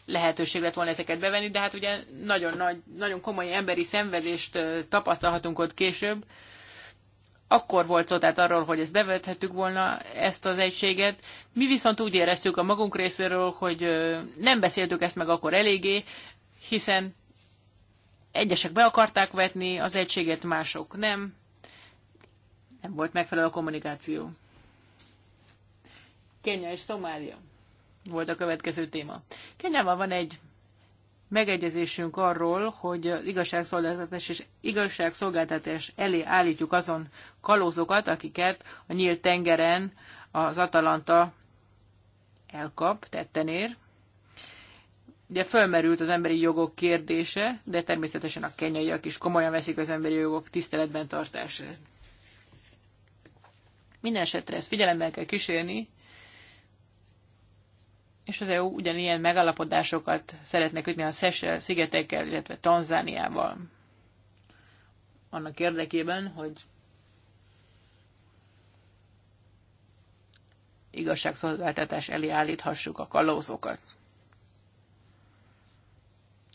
lehetőség lett volna ezeket bevenni, de hát ugye nagyon, nagy, nagyon komoly emberi szenvedést tapasztalhatunk ott később. Akkor volt szó tehát arról, hogy ezt bevethettük volna, ezt az egységet. Mi viszont úgy éreztük a magunk részéről, hogy nem beszéltük ezt meg akkor eléggé, hiszen egyesek be akarták vetni az egységet, mások nem. Nem volt megfelelő a kommunikáció. Kenya és Szomália volt a következő téma. Kenyában van egy megegyezésünk arról, hogy az igazságszolgáltatás és igazságszolgáltatás elé állítjuk azon kalózokat, akiket a nyílt tengeren az Atalanta elkap, tetten ér. Ugye fölmerült az emberi jogok kérdése, de természetesen a kenyaiak is komolyan veszik az emberi jogok tiszteletben tartását. Minden esetre ezt figyelemmel kell kísérni, és az EU ugyanilyen megalapodásokat szeretne kötni a Szesel szigetekkel, illetve Tanzániával. Annak érdekében, hogy igazságszolgáltatás elé állíthassuk a kalózokat.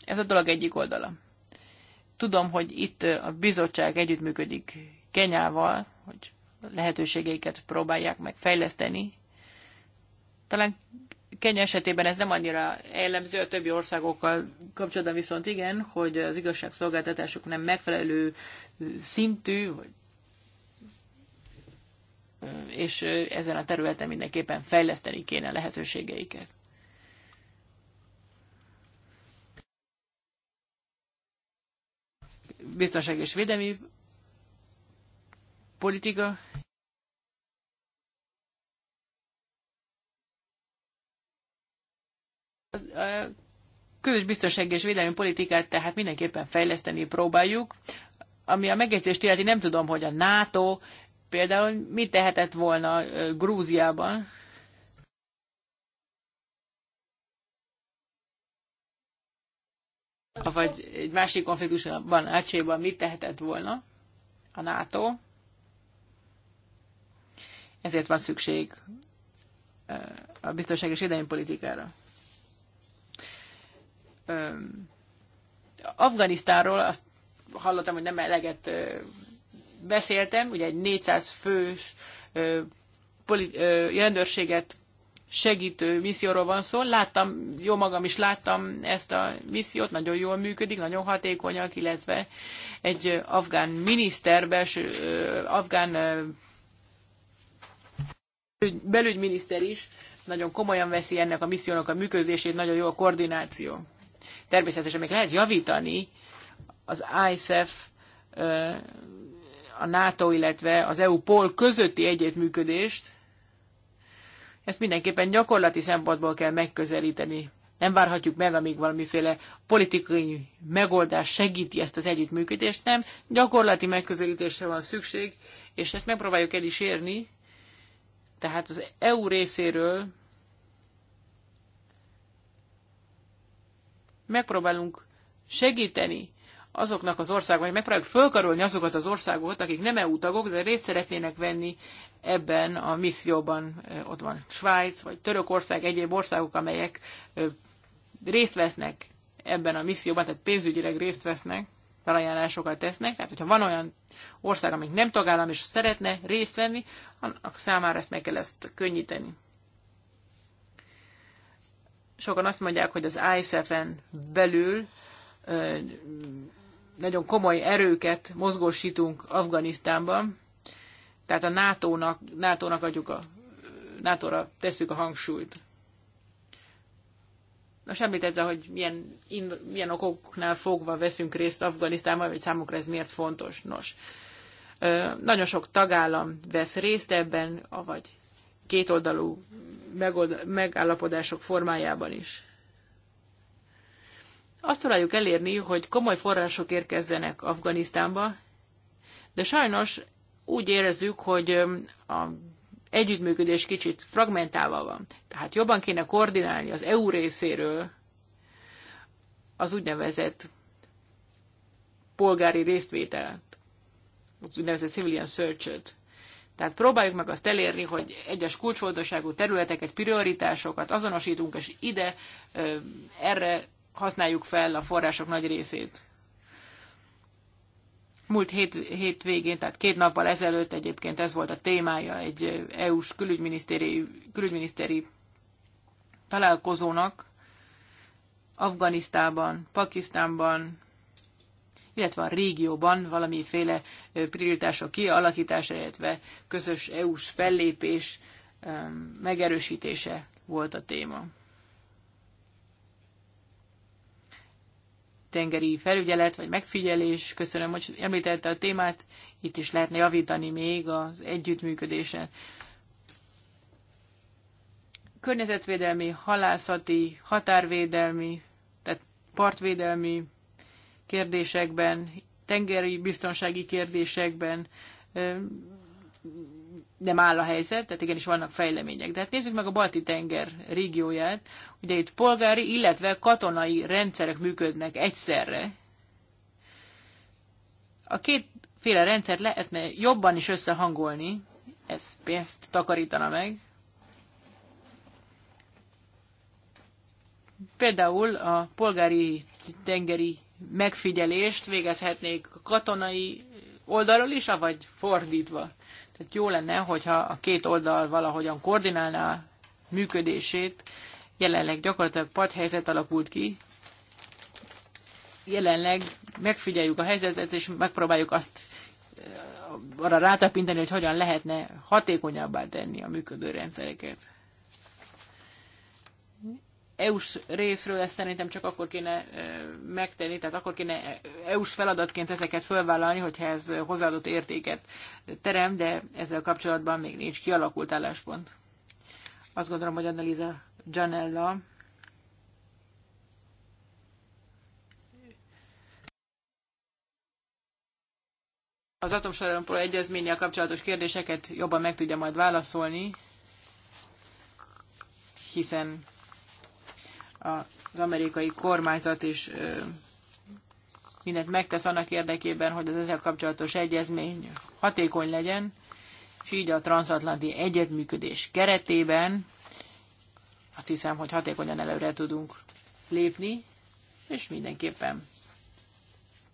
Ez a dolog egyik oldala. Tudom, hogy itt a bizottság együttműködik Kenyával, hogy lehetőségeiket próbálják megfejleszteni. Talán Kenya esetében ez nem annyira jellemző, a többi országokkal kapcsolatban viszont igen, hogy az igazságszolgáltatások nem megfelelő szintű, és ezen a területen mindenképpen fejleszteni kéne lehetőségeiket. Biztonság és védelmi politika az, a közös biztonsági és védelmi politikát tehát mindenképpen fejleszteni próbáljuk. Ami a megjegyzést illeti, nem tudom, hogy a NATO például mit tehetett volna Grúziában, vagy egy másik konfliktusban, Ácséban mit tehetett volna a NATO. Ezért van szükség a biztonság és idején politikára. Afganisztánról azt hallottam, hogy nem eleget beszéltem, ugye egy 400 fős rendőrséget segítő misszióról van szó. Láttam, jó magam is láttam ezt a missziót, nagyon jól működik, nagyon hatékonyak, illetve egy afgán miniszter, belső, afgán belügyminiszter is nagyon komolyan veszi ennek a missziónak a működését, nagyon jó a koordináció. Természetesen még lehet javítani az ISF, a NATO, illetve az EU-POL közötti együttműködést. Ezt mindenképpen gyakorlati szempontból kell megközelíteni. Nem várhatjuk meg, amíg valamiféle politikai megoldás segíti ezt az együttműködést, nem. Gyakorlati megközelítésre van szükség, és ezt megpróbáljuk el is érni. Tehát az EU részéről megpróbálunk segíteni azoknak az országok, vagy megpróbáljuk fölkarolni azokat az országokat, akik nem EU tagok, de részt szeretnének venni ebben a misszióban. Ott van Svájc, vagy Törökország, egyéb országok, amelyek részt vesznek ebben a misszióban, tehát pénzügyileg részt vesznek, felajánlásokat tesznek. Tehát, hogyha van olyan ország, amik nem tagállam és szeretne részt venni, annak számára ezt meg kell ezt könnyíteni sokan azt mondják, hogy az ISF-en belül nagyon komoly erőket mozgósítunk Afganisztánban, tehát a NATO-nak, NATO-nak adjuk a NATO-ra tesszük a hangsúlyt. Most említette, hogy milyen, ind, milyen okoknál fogva veszünk részt Afganisztánban, vagy számukra ez miért fontos. Nos, nagyon sok tagállam vesz részt ebben, vagy kétoldalú megállapodások formájában is. Azt találjuk elérni, hogy komoly források érkezzenek Afganisztánba, de sajnos úgy érezzük, hogy a együttműködés kicsit fragmentálva van. Tehát jobban kéne koordinálni az EU részéről az úgynevezett polgári résztvételt, az úgynevezett civilian search -öt. Tehát próbáljuk meg azt elérni, hogy egyes kulcsfontosságú területeket, prioritásokat azonosítunk, és ide erre használjuk fel a források nagy részét. Múlt hét, hétvégén, tehát két nappal ezelőtt egyébként ez volt a témája egy EU-s külügyminisztéri, külügyminisztéri találkozónak Afganisztában, Pakisztánban, illetve a régióban valamiféle prioritások kialakítása, illetve közös EU-s fellépés megerősítése volt a téma. Tengeri felügyelet vagy megfigyelés, köszönöm, hogy említette a témát, itt is lehetne javítani még az együttműködésen környezetvédelmi, halászati, határvédelmi, tehát partvédelmi kérdésekben, tengeri biztonsági kérdésekben nem áll a helyzet, tehát igenis vannak fejlemények. De hát nézzük meg a Balti-tenger régióját. Ugye itt polgári, illetve katonai rendszerek működnek egyszerre. A kétféle rendszert lehetne jobban is összehangolni, ez pénzt takarítana meg. Például a polgári tengeri megfigyelést végezhetnék a katonai oldalról is, vagy fordítva. Tehát jó lenne, hogyha a két oldal valahogyan koordinálná működését. Jelenleg gyakorlatilag padhelyzet alakult ki. Jelenleg megfigyeljük a helyzetet, és megpróbáljuk azt eh, arra rátapintani, hogy hogyan lehetne hatékonyabbá tenni a működő rendszereket. EU-s részről ezt szerintem csak akkor kéne megtenni, tehát akkor kéne EU-s feladatként ezeket fölvállalni, hogyha ez hozzáadott értéket terem, de ezzel kapcsolatban még nincs kialakult álláspont. Azt gondolom, hogy Annalisa Gianella az atomsorompról egyezménnyel kapcsolatos kérdéseket jobban meg tudja majd válaszolni, hiszen az amerikai kormányzat is mindent megtesz annak érdekében, hogy az ezzel kapcsolatos egyezmény hatékony legyen, és így a transatlanti egyetműködés keretében azt hiszem, hogy hatékonyan előre tudunk lépni, és mindenképpen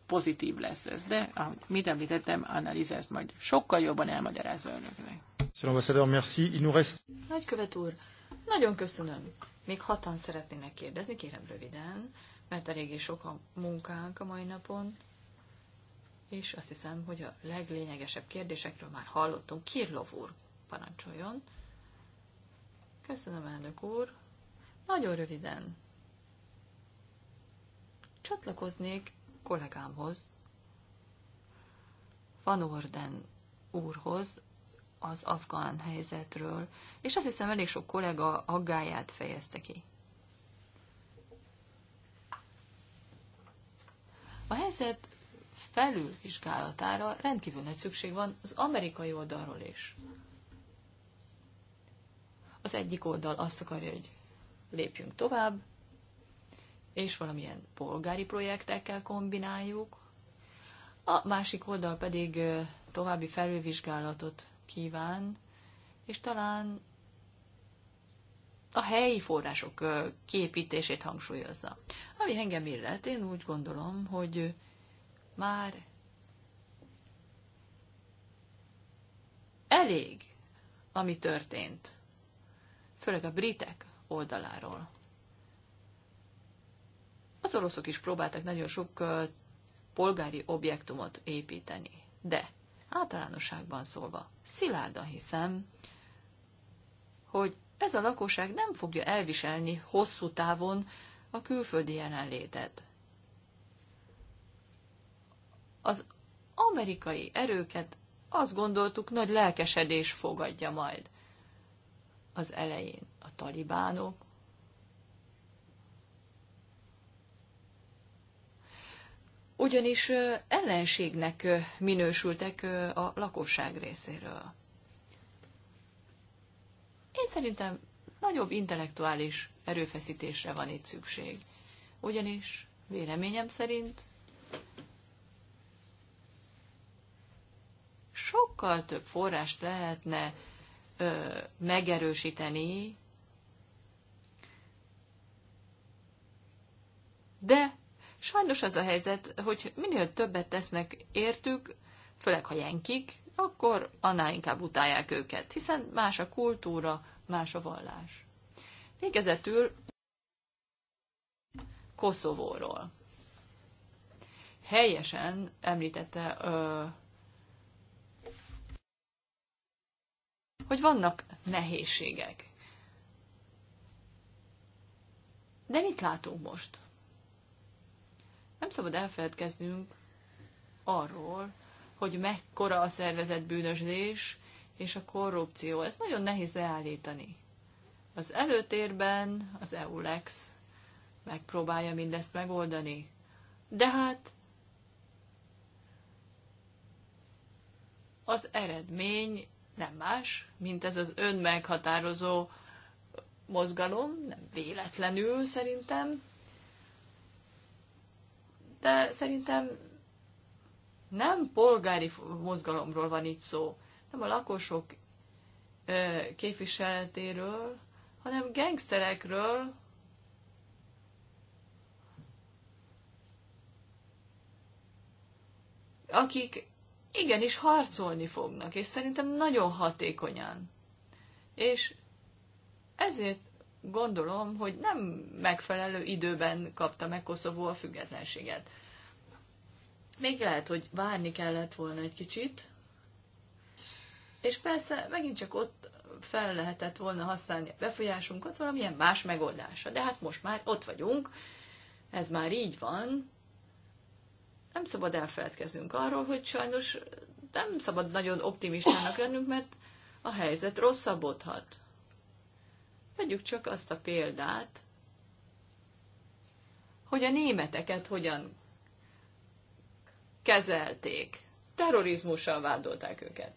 pozitív lesz ez. De, ahogy mit említettem, Annalisa ezt majd sokkal jobban elmagyarázza önöknek. Nagykövet úr, nagyon köszönöm. Még hatan szeretnének kérdezni, kérem röviden, mert eléggé sok a munkánk a mai napon, és azt hiszem, hogy a leglényegesebb kérdésekről már hallottunk. Kirlov úr, parancsoljon. Köszönöm, elnök úr. Nagyon röviden. Csatlakoznék kollégámhoz, Van Orden úrhoz, az afgán helyzetről, és azt hiszem elég sok kollega aggáját fejezte ki. A helyzet felülvizsgálatára rendkívül nagy szükség van az amerikai oldalról is. Az egyik oldal azt akarja, hogy lépjünk tovább, és valamilyen polgári projektekkel kombináljuk, a másik oldal pedig további felülvizsgálatot kíván, és talán a helyi források kiépítését hangsúlyozza. Ami engem illet, én úgy gondolom, hogy már elég, ami történt, főleg a britek oldaláról. Az oroszok is próbáltak nagyon sok polgári objektumot építeni, de általánosságban szólva szilárdan hiszem, hogy ez a lakosság nem fogja elviselni hosszú távon a külföldi jelenlétet. Az amerikai erőket azt gondoltuk, nagy lelkesedés fogadja majd. Az elején a talibánok, ugyanis ellenségnek minősültek a lakosság részéről. Én szerintem nagyobb intellektuális erőfeszítésre van itt szükség. Ugyanis véleményem szerint sokkal több forrást lehetne ö, megerősíteni, de Sajnos az a helyzet, hogy minél többet tesznek értük, főleg ha jenkik, akkor annál inkább utálják őket, hiszen más a kultúra, más a vallás. Végezetül Koszovóról. Helyesen említette, hogy vannak nehézségek. De mit látunk most? Nem szabad elfeledkeznünk arról, hogy mekkora a szervezet bűnözés és a korrupció. Ez nagyon nehéz leállítani. Az előtérben az EULEX megpróbálja mindezt megoldani. De hát az eredmény nem más, mint ez az önmeghatározó mozgalom, nem véletlenül szerintem, de szerintem nem polgári mozgalomról van itt szó, nem a lakosok képviseletéről, hanem gengszterekről, akik igenis harcolni fognak, és szerintem nagyon hatékonyan. És ezért gondolom, hogy nem megfelelő időben kapta meg Koszovó a függetlenséget. Még lehet, hogy várni kellett volna egy kicsit, és persze megint csak ott fel lehetett volna használni a befolyásunkat valamilyen más megoldása. De hát most már ott vagyunk, ez már így van. Nem szabad elfeledkezünk arról, hogy sajnos nem szabad nagyon optimistának lennünk, mert a helyzet rosszabbodhat. Vegyük csak azt a példát, hogy a németeket hogyan kezelték. Terrorizmussal vádolták őket.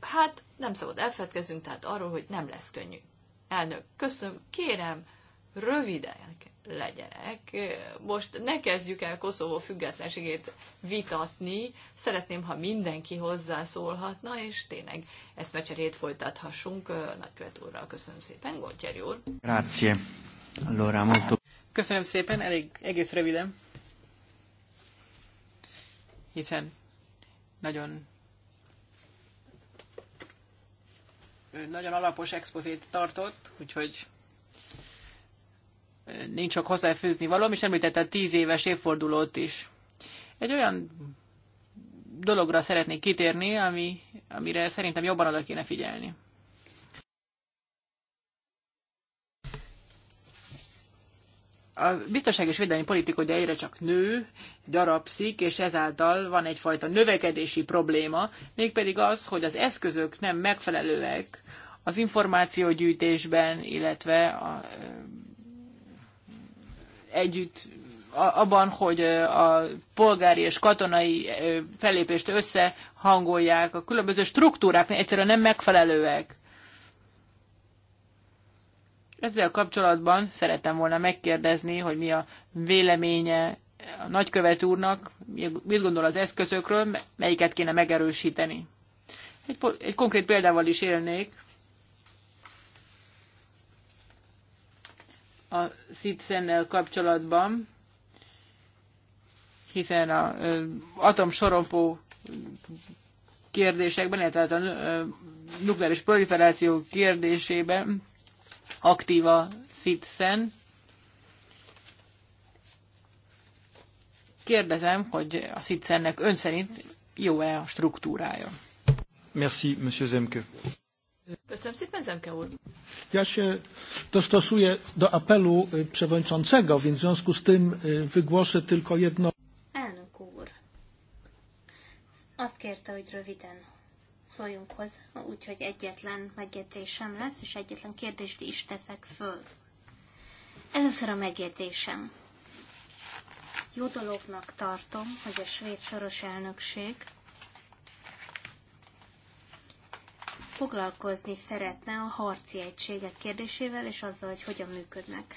Hát nem szabad elfetkezünk, tehát arról, hogy nem lesz könnyű. Elnök, köszönöm, kérem, rövidek legyenek. Most ne kezdjük el Koszovó függetlenségét vitatni, szeretném, ha mindenki hozzászólhatna, és tényleg eszmecserét folytathassunk. Nagykövet úrral köszönöm szépen, Gontyeri úr. Grazie. Allora, molto... Köszönöm szépen, elég egész röviden. Hiszen nagyon nagyon alapos expozét tartott, úgyhogy nincs csak hozzáfűzni való, és említette a tíz éves évfordulót is. Egy olyan dologra szeretnék kitérni, ami, amire szerintem jobban oda kéne figyelni. a biztonság és védelmi politika ugye egyre csak nő, gyarapszik, és ezáltal van egyfajta növekedési probléma, mégpedig az, hogy az eszközök nem megfelelőek az információgyűjtésben, illetve a együtt abban, hogy a polgári és katonai fellépést összehangolják, a különböző struktúrák egyszerűen nem megfelelőek. Ezzel kapcsolatban szeretem volna megkérdezni, hogy mi a véleménye a nagykövet úrnak, mit gondol az eszközökről, melyiket kéne megerősíteni. Egy, egy konkrét példával is élnék. a Szicennel kapcsolatban, hiszen a atomsorompó kérdésekben, illetve a nukleáris proliferáció kérdésében aktíva Szicen. Kérdezem, hogy a Szicennek ön szerint jó-e a struktúrája? Merci, Monsieur Zemke. Köszönöm szépen, Zemke úr. Ja się dostosuję do apelu przewodniczącego, więc w związku z tym wygłoszę tylko jedno. Elnök azt kérte, hogy röviden szóljunk hozzá, úgyhogy egyetlen megjegyzésem lesz, és egyetlen kérdést is teszek föl. Először a megjegyzésem. Jó dolognak tartom, hogy a svéd soros elnökség foglalkozni szeretne a harci egységek kérdésével, és azzal, hogy hogyan működnek.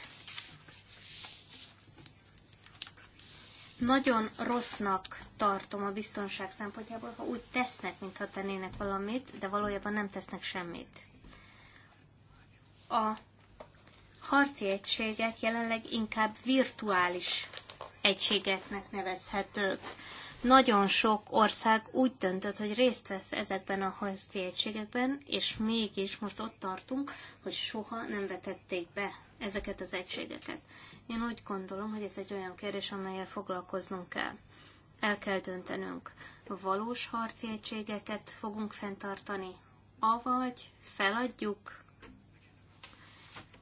Nagyon rossznak tartom a biztonság szempontjából, ha úgy tesznek, mintha tennének valamit, de valójában nem tesznek semmit. A harci egységek jelenleg inkább virtuális egységeknek nevezhetők nagyon sok ország úgy döntött, hogy részt vesz ezekben a hajszti egységekben, és mégis most ott tartunk, hogy soha nem vetették be ezeket az egységeket. Én úgy gondolom, hogy ez egy olyan kérdés, amelyel foglalkoznunk kell. El kell döntenünk. Valós harci egységeket fogunk fenntartani, avagy feladjuk,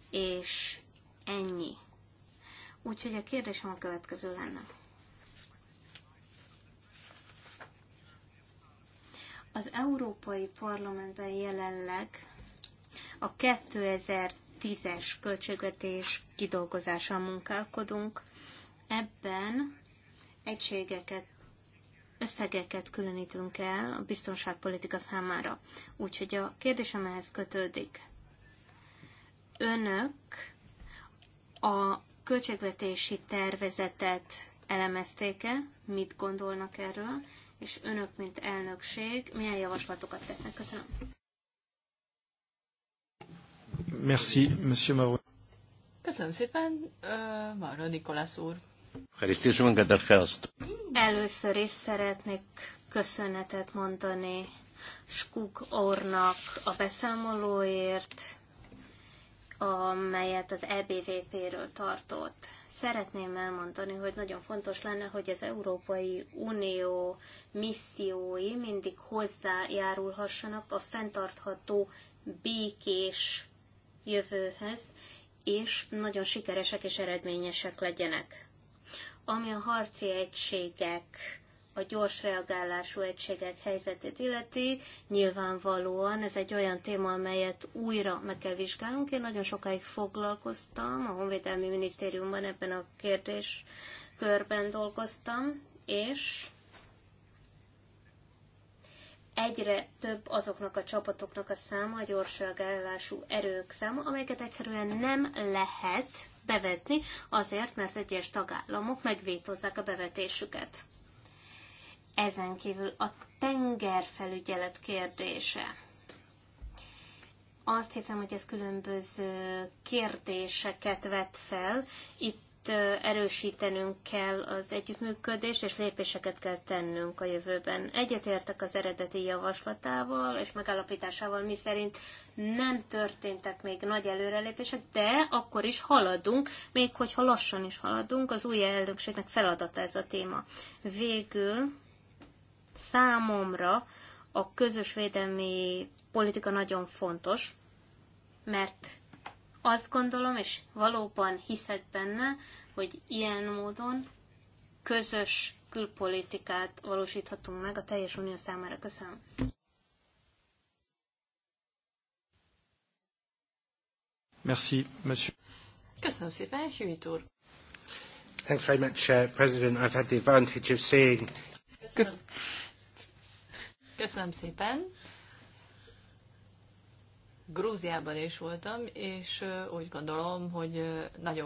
és ennyi. Úgyhogy a kérdésem a következő lenne. Az Európai Parlamentben jelenleg a 2010-es költségvetés kidolgozásán munkálkodunk. Ebben egységeket összegeket különítünk el a biztonságpolitika számára. Úgyhogy a kérdésem ehhez kötődik. Önök a költségvetési tervezetet elemezték-e? Mit gondolnak erről? és önök, mint elnökség, milyen javaslatokat tesznek? Köszönöm. Merci, Monsieur Mauro. Köszönöm szépen, uh, Mauro Nikolász úr. Először is szeretnék köszönetet mondani Skuk Ornak a beszámolóért, amelyet az EBVP-ről tartott szeretném elmondani, hogy nagyon fontos lenne, hogy az Európai Unió missziói mindig hozzájárulhassanak a fenntartható békés jövőhöz, és nagyon sikeresek és eredményesek legyenek. Ami a harci egységek a gyors reagálású egységek helyzetét illeti, nyilvánvalóan ez egy olyan téma, amelyet újra meg kell vizsgálnunk. Én nagyon sokáig foglalkoztam, a Honvédelmi Minisztériumban ebben a kérdéskörben dolgoztam, és egyre több azoknak a csapatoknak a száma, a gyorsreagálású erők száma, amelyeket egyszerűen nem lehet bevetni, azért, mert egyes tagállamok megvétozzák a bevetésüket. Ezen kívül a tengerfelügyelet kérdése. Azt hiszem, hogy ez különböző kérdéseket vet fel. Itt erősítenünk kell az együttműködést, és lépéseket kell tennünk a jövőben. Egyetértek az eredeti javaslatával és megállapításával, mi szerint nem történtek még nagy előrelépések, de akkor is haladunk, még hogyha lassan is haladunk, az új elnökségnek feladata ez a téma. Végül Számomra a közös védelmi politika nagyon fontos, mert azt gondolom, és valóban hiszek benne, hogy ilyen módon közös külpolitikát valósíthatunk meg a teljes unió számára. Köszönöm. Merci, monsieur. Köszönöm szépen, Hüvit úr. Thanks very much, uh, President. I've had the advantage of seeing... Köszönöm. Köszönöm szépen. Grúziában is voltam, és úgy gondolom, hogy nagyon